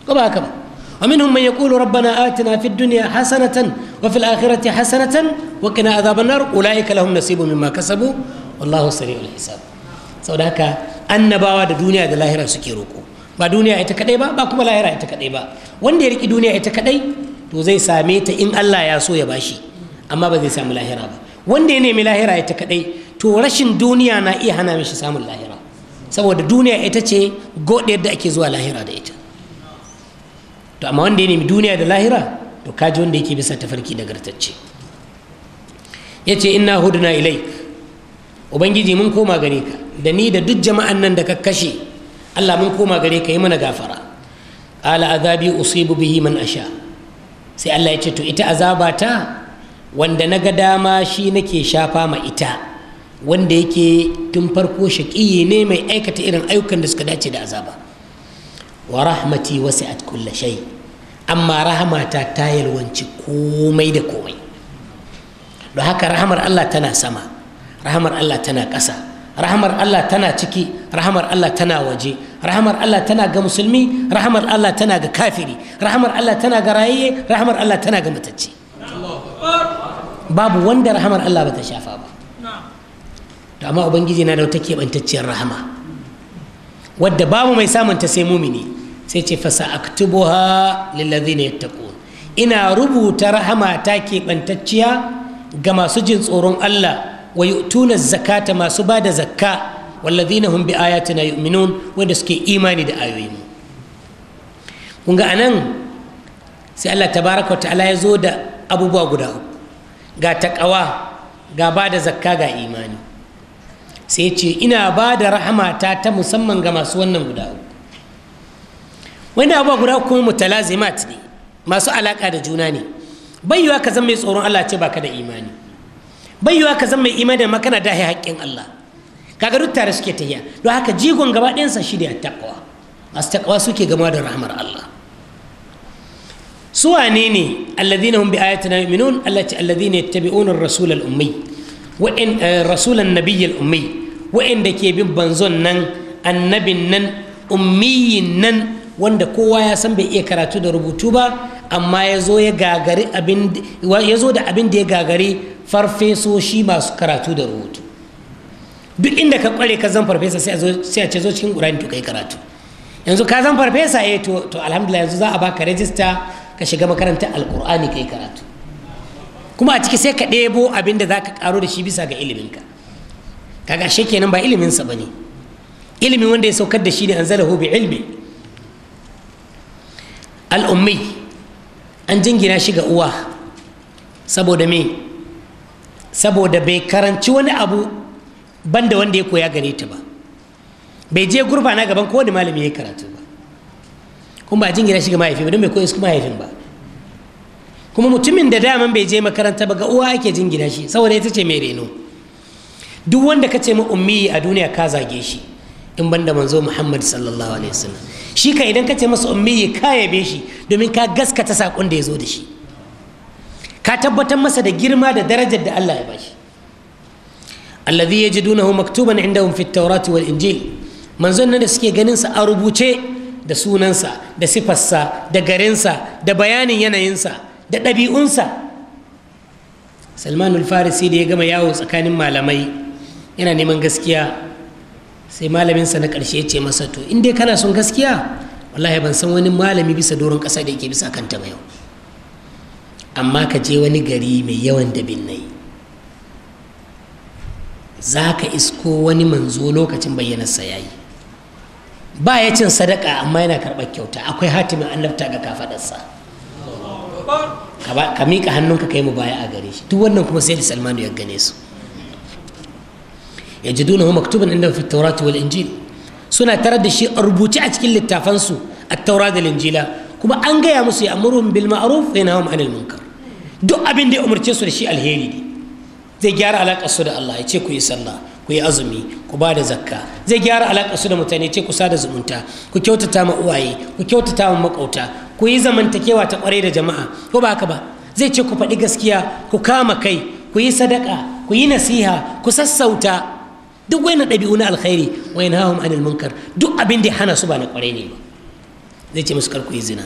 ko ba haka ba wa minhum man yaqulu rabbana atina fid dunya hasanatan wa fil akhirati hasanatan wa qina adhaban nar ulaika lahum nasibun mimma kasabu wallahu sari'ul hisab saboda haka annabawa da duniya da lahira suke roƙo ba duniya ita kadai ba ba kuma lahira ita kadai ba wanda ya riki duniya ita kadai to zai same ta in Allah ya so ya bashi amma ba zai samu lahira ba wanda ya nemi lahira ita kadai to rashin duniya na iya hana mishi samun lahira saboda duniya ita ce godiyar da ake zuwa lahira da ita to amma wanda ya nemi duniya da lahira to kaji wanda yake bisa tafarki nagartacce ya ce inna huduna ilai ubangiji mun koma gare ka da ni da duk jama'an nan da ka kashe Allah mun koma gare ka yi mana gafara ala azabi usibu bihi man asha sai Allah ya ce to ita azaba ta wanda na ga dama shi nake shafa ma ita wanda yake tun farko shaƙiyi ne mai aikata irin ayyukan da suka dace da azaba wa rahmati wasi'at kulla shay amma Rahama ta yalwanci komai da komai don haka rahamar Allah tana sama rahamar Allah tana ƙasa rahamar Allah tana ciki rahamar Allah tana waje rahamar Allah tana ga musulmi rahamar Allah tana ga kafiri rahamar Allah tana ga rayaye rahamar Allah tana ga matacce babu wanda rahamar Allah bata shafa ba to amma ubangiji na da wata keɓantacciyar rahama wadda babu mai samunta sai mumini sai ce fasa aktubuha lillazina yattaqun ina rubuta rahama ta keɓantacciya ga masu jin tsoron Allah wa yu'tuna zakata masu bada zakka zakka wallazina hum bi ayatina yu'minun wanda suke imani da ayoyin kun ga anan sai Allah tabaraka ta'ala ya zo da abubuwa guda uku ga taqawa ga bada zakka ga imani sai ce ina bada da rahamata ta musamman ga masu wannan guda uku wani abubuwa guda uku kuma mutalazimat ne masu alaka da juna ne bai ka zama mai tsoron Allah ce baka da imani bai yiwa ka zama mai imani amma kana dahi haƙƙin Allah kaga duk tare suke tahiya don haka jigon gaba ɗayansa shi ne attaqwa masu taqwa suke gama da rahmar Allah su wane ne alladhina hum bi ayatina yu'minun allati alladhina yattabi'una ar-rasul al-ummi wa in eh, rasul an-nabiy al-ummi wa inda ke bin banzon nan annabin nan ummiyin nan wanda kowa ya san bai iya karatu da rubutu ba amma ya zo ya gagari abin ya zo da abin da ya gagari farfesoshi masu karatu da rubutu duk inda ka kware ka zan farfesa sai a ce zo cikin ƙurani to kai karatu yanzu ka zan farfesa eh to to alhamdulillah yanzu za a baka rajista ka shiga makarantar alƙur'ani kai karatu kuma a ciki sai ka ɗebo abin da za ka ƙaro da shi bisa ga iliminka kaga shi kenan ba iliminsa ba ne ilimin wanda ya saukar da shi ne an zara hobi ilmi al'ummi an jingina shi ga uwa saboda me saboda bai karanci wani abu banda wanda ya koya gare ta ba bai je gurba na gaban kowane malami ya karatu ba kuma ba jin shi ga mahaifi ba don bai koya su mahaifin ba kuma mutumin da daman bai je makaranta ba ga uwa ake jin gina shi saboda ita ce mai reno duk wanda ka ce ummi a duniya ka zage shi in banda manzo muhammad sallallahu alaihi wasallam shi ka idan ka ce masa ummi ka yabe shi domin ka gaskata sakon da ya zo da shi ka tabbatar masa da girma da darajar da Allah ya bashi alladhi yajidunahu maktuban indahum fit tawrati wal injil manzon nan da suke ganin sa a rubuce da sunansa da sifarsa da garinsa da bayanin yanayinsa da ɗabi'unsa salman farisi da ya gama yawo tsakanin malamai yana neman gaskiya sai malaminsa na ƙarshe ya ce masa to in dai kana son gaskiya wallahi ban san wani malami bisa doron ƙasa da yake bisa kanta ba yau amma ka je wani gari mai yawan da binnai za ka isko wani manzo lokacin bayyanarsa ya yi ba ya cin sadaka amma yana karɓar kyauta akwai hatimin annabta ga kafaɗarsa ka miƙa hannunka kaimu mu baya a gare shi duk wannan kuma sai da salmanu ya gane su ya ji duna maktubin inda fi tauratu wal injil suna tarar da shi a rubuce a cikin littafansu a taura da linjila kuma an gaya musu ya amuruhum bil ma'ruf wa yanahum anil munkar duk abin da ya umarce su da shi alheri ne zai gyara alaƙa su da Allah ya ce ku yi sallah ku yi azumi ku ba da zakka zai gyara alaƙa su da mutane ce ku sada zumunta ku kyautata ma uwaye ku kyautata ma makauta ku yi zamantakewa ta kwarai da jama'a ko ba haka ba zai ce ku faɗi gaskiya ku kama kai ku yi sadaka ku yi nasiha ku sassauta duk wani ɗabi'u na alkhairi wa hawa anil munkar duk abin da ya hana su ba na kwarai ne ba zai ce musu kar ku yi zina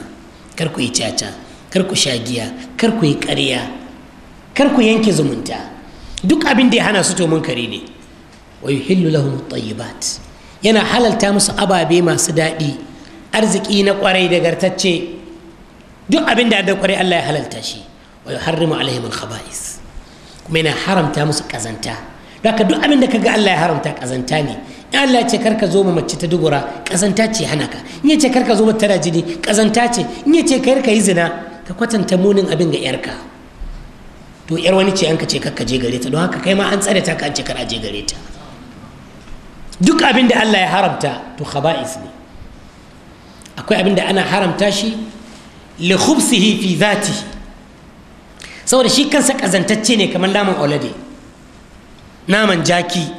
kar ku yi caca kar ku sha giya kar ku yi ƙarya kar ku yanke zumunta duk abin da ya hana su to munkari ne wa yuhillu lahum at-tayyibat yana halalta musu ababe masu daɗi arziki na kwarai da gartacce duk abin da da kwarai Allah ya halalta shi wa yuharrimu alaihim al-khaba'is kuma yana haramta musu kazanta haka duk abin da kaga Allah ya haramta kazanta ne in Allah ya ce karka zo ma mace ta dubura kazanta ce hana ka in ya ce karka zo ma tara jini kazanta ce in ya ce karka yi zina ka kwatanta munin abin ga yarka to yar wani ce an ka ce kakka je gare ta don haka kai ma an tsare ta ka an ce kar a je gare ta duk abin da Allah ya haramta to khaba'is ne akwai abin da ana haramta shi li khubsihi fi dhatihi saboda shi kansa kazantacce ne kamar naman olade naman jaki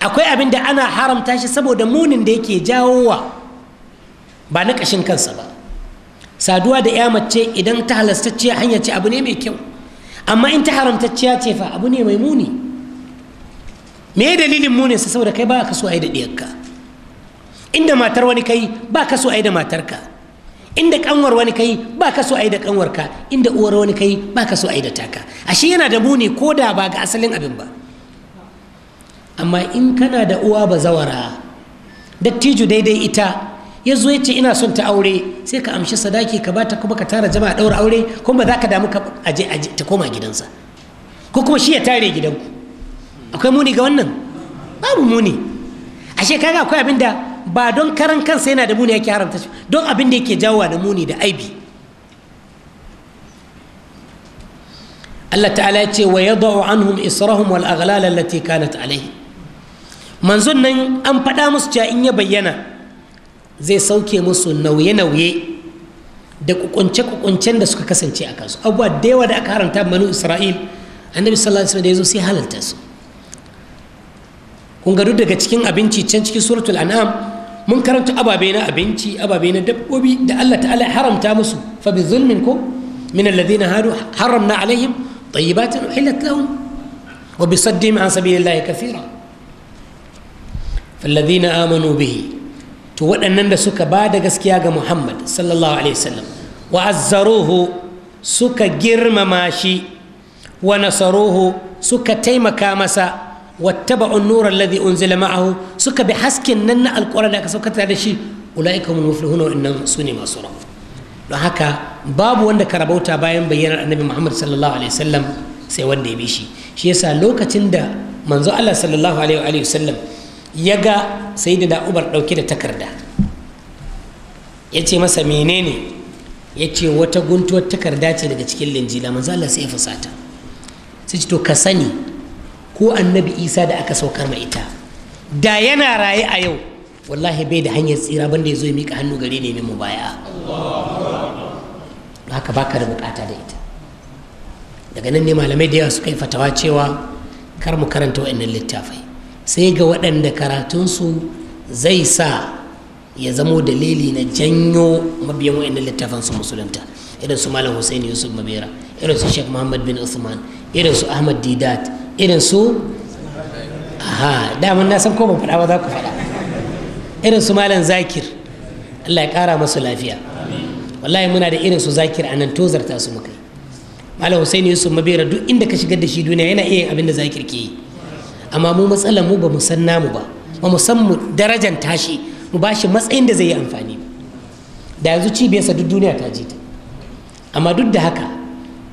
akwai abin da ana haramta shi saboda munin da yake jawowa ba na kashin kansa ba saduwa da ya mace idan ta halastacciya hanya ce abu ne mai kyau amma in ta haramtacciya ce fa abu ne mai muni me dalilin munin sa saboda kai ba ka so yi da ɗiyarka inda matar wani kai ba ka so yi da matarka inda kanwar wani kai ba ka so yi da kanwarka inda uwar wani kai ba ka so yi da taka ashe yana da muni ko da ba ga asalin abin ba amma in kana da uwa ba bazawara dattijo daidai ita ya zo ya ce ina son ta aure sai ka amshi sadaki ka bata kuma ka tara jama'a daura aure kuma ba za ka damu ka aje ta koma gidansa ko kuma shi ya tare gidanku akwai muni ga wannan babu muni ashe kaga akwai abinda ba don karan kansa yana da muni yake haramta shi don abin da yake jawowa da muni da aibi Allah ta'ala ya ce wa yadau anhum israhum wal aghlal allati kanat alayhi manzon nan an faɗa musu cewa in ya bayyana zai sauke musu nauye-nauye da kukunce-kukuncen da suka kasance a kansu abuwa da yawa da aka haranta manu isra'il annabi sallallahu alaihi wasallam da yazo sai halalta su kun ga duk daga cikin abinci can cikin suratul an'am mun karanta ababe na abinci ababe na dabbobi da Allah ta'ala haramta musu fa bi zulmin min alladhina hadu haramna alaihim tayyibatin uhillat lahum wa bi saddihim an sabilillahi kathira فالذين آمنوا به to waɗannan da suka ba da gaskiya ga muhammad sallallahu alaihi wasallam wa azzaruhu suka girmama shi wa nasaruhu suka taimaka masa wa taba'un nuran ladhi unzila ma'ahu suka bi hasken nan na alƙura da aka saukata da shi ula'ika mun mufli huna wa'annan masu rafu don haka babu wanda ka rabauta bayan bayyanar annabi muhammad sallallahu alaihi wasallam sai wanda ya bi shi shi yasa lokacin da manzo allah sallallahu alaihi wasallam ya ga sai da umar ɗauke da takarda ya ce masa menene ya ce wata guntuwar takarda ce daga cikin linjila manzo sai ya fusata sai ce to ka sani ko annabi isa da aka saukar ma ita da yana raye a yau wallahi bai da hanyar tsira banda ya zo ya mika hannu gare ne mu baya haka baka da bukata da ita daga nan ne malamai da yawa suka yi fatawa cewa kar mu karanta wa'annan littafai sai ga waɗanda karatunsu zai sa ya zamo dalili na janyo mabiyan wa'annan littafan su musulunta irin su malam hussein yusuf mabera irin su sheikh muhammad bin usman irin su ahmad didat irin su aha daman na san ko ban faɗa ba za ku faɗa irin su malam zakir allah ya ƙara masu lafiya wallahi muna da irin su zakir a nan tozarta su muka yi malam hussein yusuf mabera duk inda ka shigar da shi duniya yana iya yin abin da zakir ke yi amma mu matsalar mu ba mu san namu ba ba mu san mu darajan tashi mu ba shi matsayin da zai yi amfani ba da yanzu cibiyarsa duk duniya ta ji ta amma duk da haka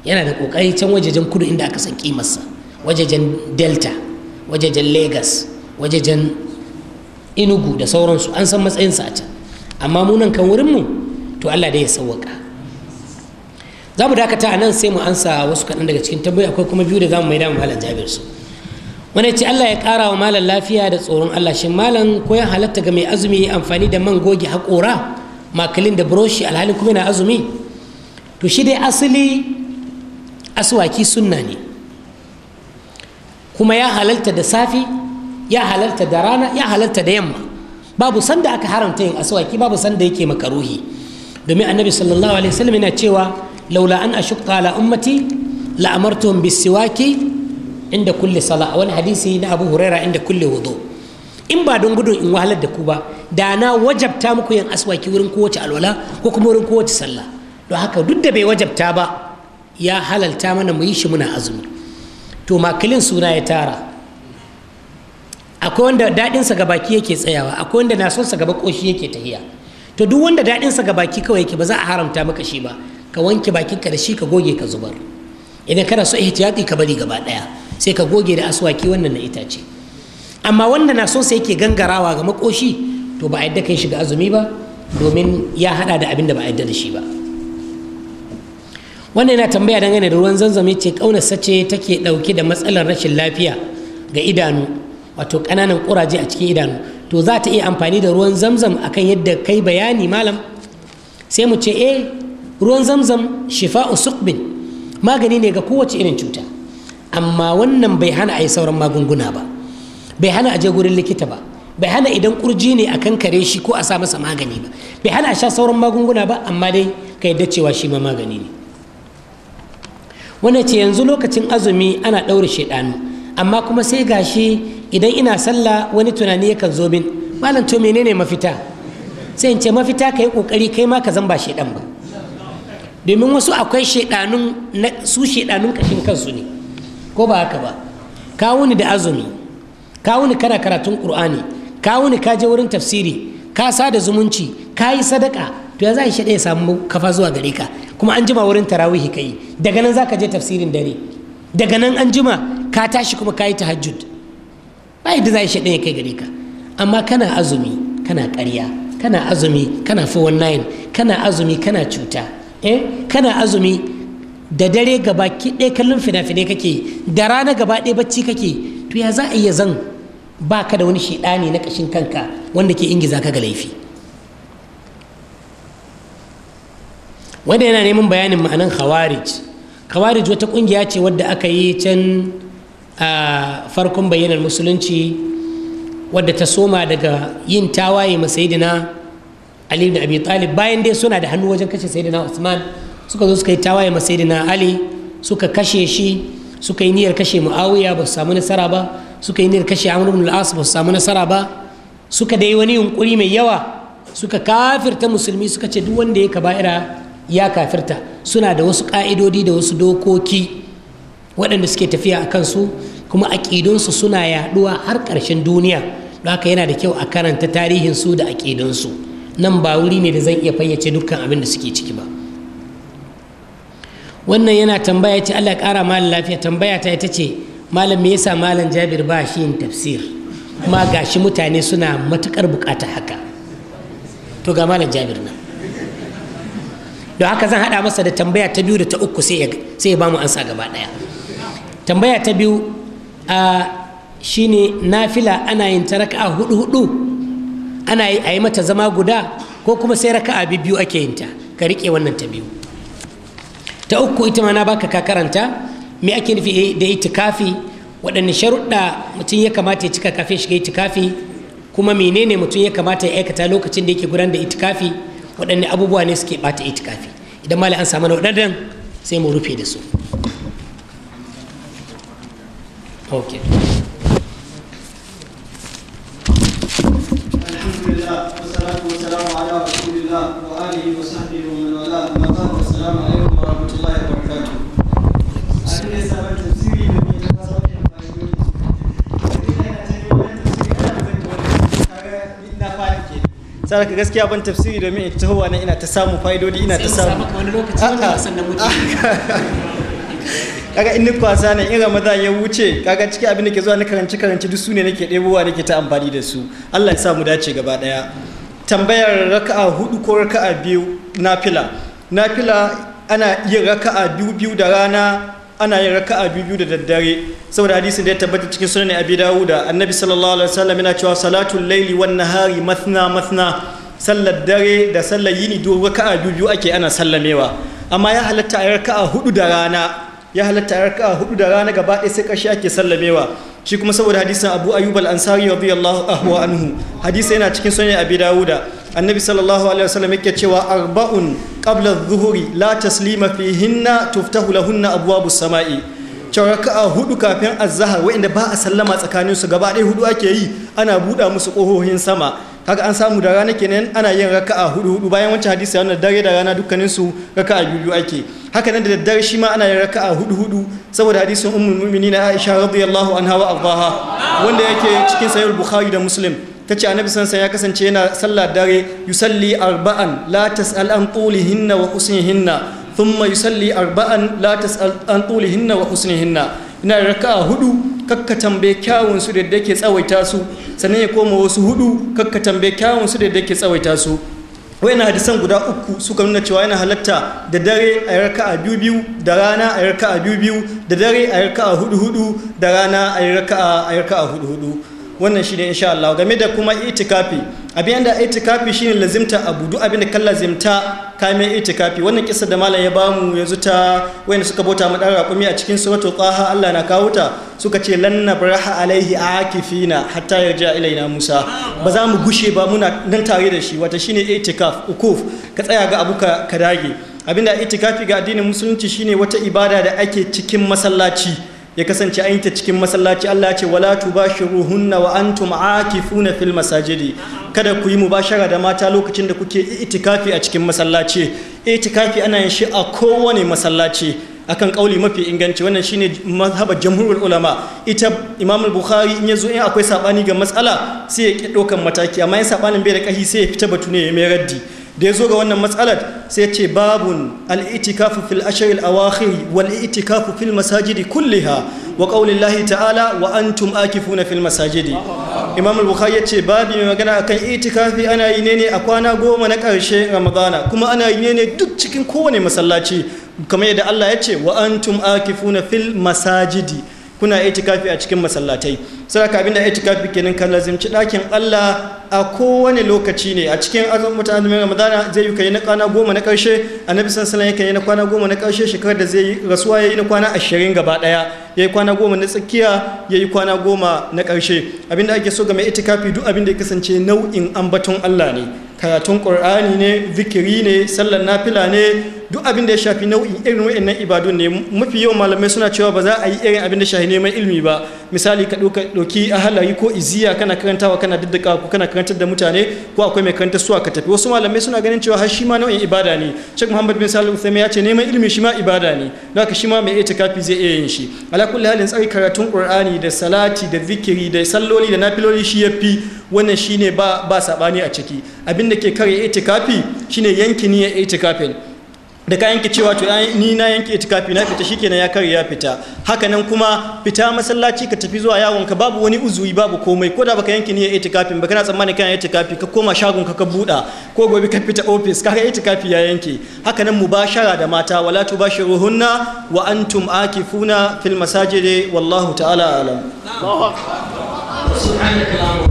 yana da kokari can wajejen kudu inda aka san kimarsa wajejen delta wajejen lagos wajejen inugu da sauransu an san matsayinsa a can amma mu nan kan wurin mu to allah dai ya sauwaka za mu dakata a nan sai mu ansa wasu kaɗan daga cikin tambayoyi akwai kuma biyu da za mu mai damu halin jabir wani ce Allah ya kara wa malam lafiya da tsoron Allah shin malam ko ya halatta ga mai azumi amfani da man goge haƙora makalin da buroshi alhalin kuma na azumi to shi dai asali aswaki sunna ne kuma ya halalta da safi ya halalta da rana ya halalta da yamma babu sanda aka haramta yin aswaki babu sanda yake makaruhi domin annabi sallallahu alaihi wasallam yana cewa laula an ashqa ala ummati la amartuhum inda kulle sala wani hadisi na abu huraira inda kulle wudu in ba don gudun in wahalar da ku ba da na wajabta muku yin aswaki wurin kowace alwala ko kuma wurin kowace sallah don haka duk da bai wajabta ba ya halalta mana mu yi shi muna azumi to makilin suna ya tara akwai wanda daɗinsa ga baki yake tsayawa akwai wanda na sa gaba koshi yake tahiya to duk wanda daɗinsa ga baki kawai yake ba za a haramta maka shi ba ka wanke bakinka da shi ka goge ka zubar idan kana so ihtiyati ka bari gaba ɗaya sai ka goge da aswaki wannan na itace amma wanda na son sai yake gangarawa ga makoshi to ba a yadda kai shiga azumi ba domin ya hada da abin da ba a yadda da shi ba wannan yana tambaya dangane da ruwan zanzami ce kaunarsa ce take dauke da matsalar rashin lafiya ga idanu wato kananan kuraje a cikin idanu to za ta iya amfani da ruwan zamzam akan yadda kai bayani malam sai mu ce eh ruwan zamzam shifa'u suqbin magani ne ga kowace irin cuta amma wannan bai hana a yi sauran magunguna ba bai hana a je gurin likita ba bai hana idan kurji ne a kankare shi ko a sa masa magani ba bai hana a sha sauran magunguna ba amma dai ka yadda cewa shi ma magani ne wani ce yanzu lokacin azumi ana ɗaure shaidanu amma kuma sai gashi idan ina sallah wani tunani yakan zo min malam to menene mafita sai in ce mafita ka yi ƙoƙari kai ma ka zan ba shaidan ba domin wasu akwai shaidanun su shaidanun ƙashin kansu ne ko ba haka ba ka wuni da azumi ka wuni kana karatun qur'ani ka wuni ka je wurin tafsiri ka da zumunci ka yi sadaka to ya za a shaɗe ya samu kafa zuwa gare ka kuma an jima wurin tarawihi ka yi daga nan za ka je tafsirin dare daga nan an jima ka tashi kuma ka yi tahajjud ba yadda za a shaɗe ya kai gare ka amma kana azumi kana ƙarya kana azumi kana 419 kana azumi kana cuta eh kana azumi da dare gaba ɗaya kallon fina-finai kake da rana gaba ɗaya bacci kake to ya za a iya zan ba ka da wani ne na ƙashin kanka wanda ke ingiza ka ga laifi wanda yana neman bayanin ma'anan khawarij khawarij wata ƙungiya ce wadda aka yi can a farkon bayyanar musulunci wadda ta soma daga yin tawaye ma sayidina ali da abi talib bayan dai suna da hannu wajen kashe sayidina usman suka zo suka yi tawaye ma na ali suka kashe shi suka yi niyyar kashe muawiya ba su samu nasara ba suka yi niyyar kashe amur ibn al-as ba su samu nasara ba suka dai wani yunkuri mai yawa suka kafirta musulmi suka ce duk wanda ya kaba'ira ya kafirta suna da wasu ka'idodi da wasu dokoki waɗanda suke tafiya a kansu kuma aƙidunsu suna yaɗuwa har ƙarshen duniya don haka yana da kyau a karanta tarihinsu da aƙidunsu nan ba wuri ne da zan iya fayyace dukkan abin da suke ciki ba wannan yana tambaya ce Allah ƙara malam lafiya tambaya ta ita ce malam me yasa malam Jabir ba shi yin tafsir kuma gashi mutane suna matukar bukata haka to ga malam Jabir nan don haka zan haɗa masa da tambaya ta biyu da ta uku sai ya ba ansa gaba ɗaya tambaya ta biyu a shine nafila ana yin ta raka'a hudu hudu ana yi a mata zama guda ko kuma sai raka'a biyu ake yin ta ka rike wannan ta biyu ta uku ita ma na baka ka karanta me ake nufi da itikafi waɗanne sharuɗa mutum ya kamata ya cika kafin shiga itikafi kuma menene mutum ya kamata ya aikata lokacin da yake gudanar da itikafi waɗanne abubuwa ne suke ɓata itikafi idan mali an samu na sai mu rufe da su okay. wa wa wa alaikum ka gaskiya ban tafsiri domin ita tahowa na ina ta samu fa'idodi ina ta samu (laughs) kaga in kwasa ne in ramadan ya wuce kaga cikin abin da ke zuwa na karanci karanci duk su ne nake ɗebowa nake ta amfani da su Allah ya samu dace gaba daya tambayar raka'a hudu ko raka'a biyu na fila. ana yin raka'a biyu biyu da rana ana yin raka'a biyu biyu da daddare saboda hadisin da ya tabbata cikin sunan abi dawuda annabi sallallahu alaihi wasallam yana cewa salatul laili wan nahari mathna mathna sallar dare da sallar yini duk raka'a biyu biyu ake ana sallamewa amma ya halatta a raka'a hudu da rana ya halatta a raka'a hudu da rana gaba ɗaya sai kashi ake sallamewa shi kuma saboda hadisin abu ayyub al-ansari radiyallahu anhu hadisi yana cikin sunan abi dawuda annabi sallallahu alaihi wasallam yake cewa arba'un qabla zuhuri dhuhri la taslima fihinna tuftahu lahunna abwabus sama'i cewa raka'a hudu kafin azhar wa'inda ba a sallama tsakanin su gaba ɗaya hudu ake yi ana buɗa musu ƙohohin sama kaga an samu da rana kenan ana yin raka'a hudu hudu bayan wancan hadisi yana dare da rana dukkanin su raka'a biyu ake haka nan da daddare shi ma ana yin raka'a hudu hudu saboda hadisin ummul mu'minin Aisha radiyallahu anha wa ardaha wanda yake cikin sahih bukhari da Muslim ta ce annabi sansan ya kasance yana sallah dare yusalli arba'an la tas'al an tulihinna wa husnihinna thumma yusalli arba'an la tas'al an tulihinna wa husnihinna ina raka'a hudu kakka tambaye kyawun su da dake tsawaita su sannan ya koma wasu hudu kakka tambaye kyawun su da dake tsawaita su wayan hadisan guda uku suka nuna cewa yana halatta da dare a raka'a biyu biyu da rana a raka'a biyu biyu da dare a raka'a hudu hudu da rana a raka'a a raka'a hudu hudu wannan shi ne insha Allah game da kuma itikafi abin yadda itikafi shine lazimta abu duk abin da kan lazimta kame itikafi wannan kisa da malam ya bamu yanzu ta wayanda suka bauta mu dan raƙumi a cikin suratul qaha Allah na kawo ta suka ce lan nabraha alaihi akifina hatta yarja ilaina Musa ba za mu gushe ba muna nan tare da shi wata shine itikaf ukuf ka tsaya ga abu ka dage abinda itikafi ga addinin musulunci shine wata ibada da ake cikin masallaci ya kasance an ta cikin masallaci Allah ce wala tubashiruhunna wa antum aakifuna fil masajidi kada ku yi mubashara da mata lokacin da kuke itikafi a cikin masallaci itikafi ana yin shi a kowane masallaci akan kauli mafi inganci wannan shine mazhaba jamhurul ulama ita imam al-bukhari in yazo in akwai sabani ga matsala sai ya ki dokan mataki amma in sabanin bai da kahi sai ya fita batu ne ya mai raddi da ya zo ga wannan matsalar sai ce babun al'itikafu fil ashiril awakhir wal itikafu fil masajidi kulliha wa qaulillahi ta'ala wa antum akifuna fil masajidi imam al-bukhari ya ce babu mai magana kan itikafi ana yi ne a kwana goma na ƙarshe ramadana kuma ana yi ne duk cikin kowane masallaci kamar yadda Allah ya ce wa antum akifuna fil masajidi kuna itikafi a cikin masallatai saboda abin da itikafi kenan kan lazimci dakin Allah a kowane lokaci ne a cikin azumin azumin Ramadan zai yi kai na kwana goma na karshe annabi sallallahu alaihi wasallam na kwana goma na karshe shekarar da zai yi rasuwa yayi na kwana ashirin gaba daya yayi kwana goma na tsakiya yayi kwana goma na karshe abinda ake so game mai itikafi duk abinda ya kasance nau'in ambaton Allah ne karatun Qur'ani ne zikiri ne sallar nafila ne duk abin da ya shafi nau'in irin wa'annan ibadun ne mafi yawan malamai suna cewa ba za a yi irin abin da shafi neman ilimi ba misali ka ɗauki a halayi ko iziya kana karantawa kana diddaka ko kana karantar da mutane ko akwai mai karanta suwa ka tafi wasu malamai suna ganin cewa har shi ma nau'in ibada ne shek muhammad bin salim uthaimi ya ce neman ilimi shi ma ibada ne don haka shi ma mai ita kafi zai iya yin shi ala kulli halin tsari karatun qur'ani da salati da zikiri da salloli da nafiloli shi ya fi wannan shine ba ba sabani a ciki abin da ke kare itikafi shine yanki niyyar kafin. da ka yanke cewa to ni na yanke itikafi na fita shikenan ya kare ya fita hakanan kuma fita masallaci ka tafi zuwa yawon ka babu wani uzuri babu komai ko da baka yanke niyyar itikafi ba kana tsammani kana itikafi ka koma shagon ka ka buɗa ko gobe ka fita office kaga itikafi ya yanke hakanan mubashara da mata wala tubashiruhunna wa antum akifuna fil masajidi wallahu ta'ala alam Allahu akbar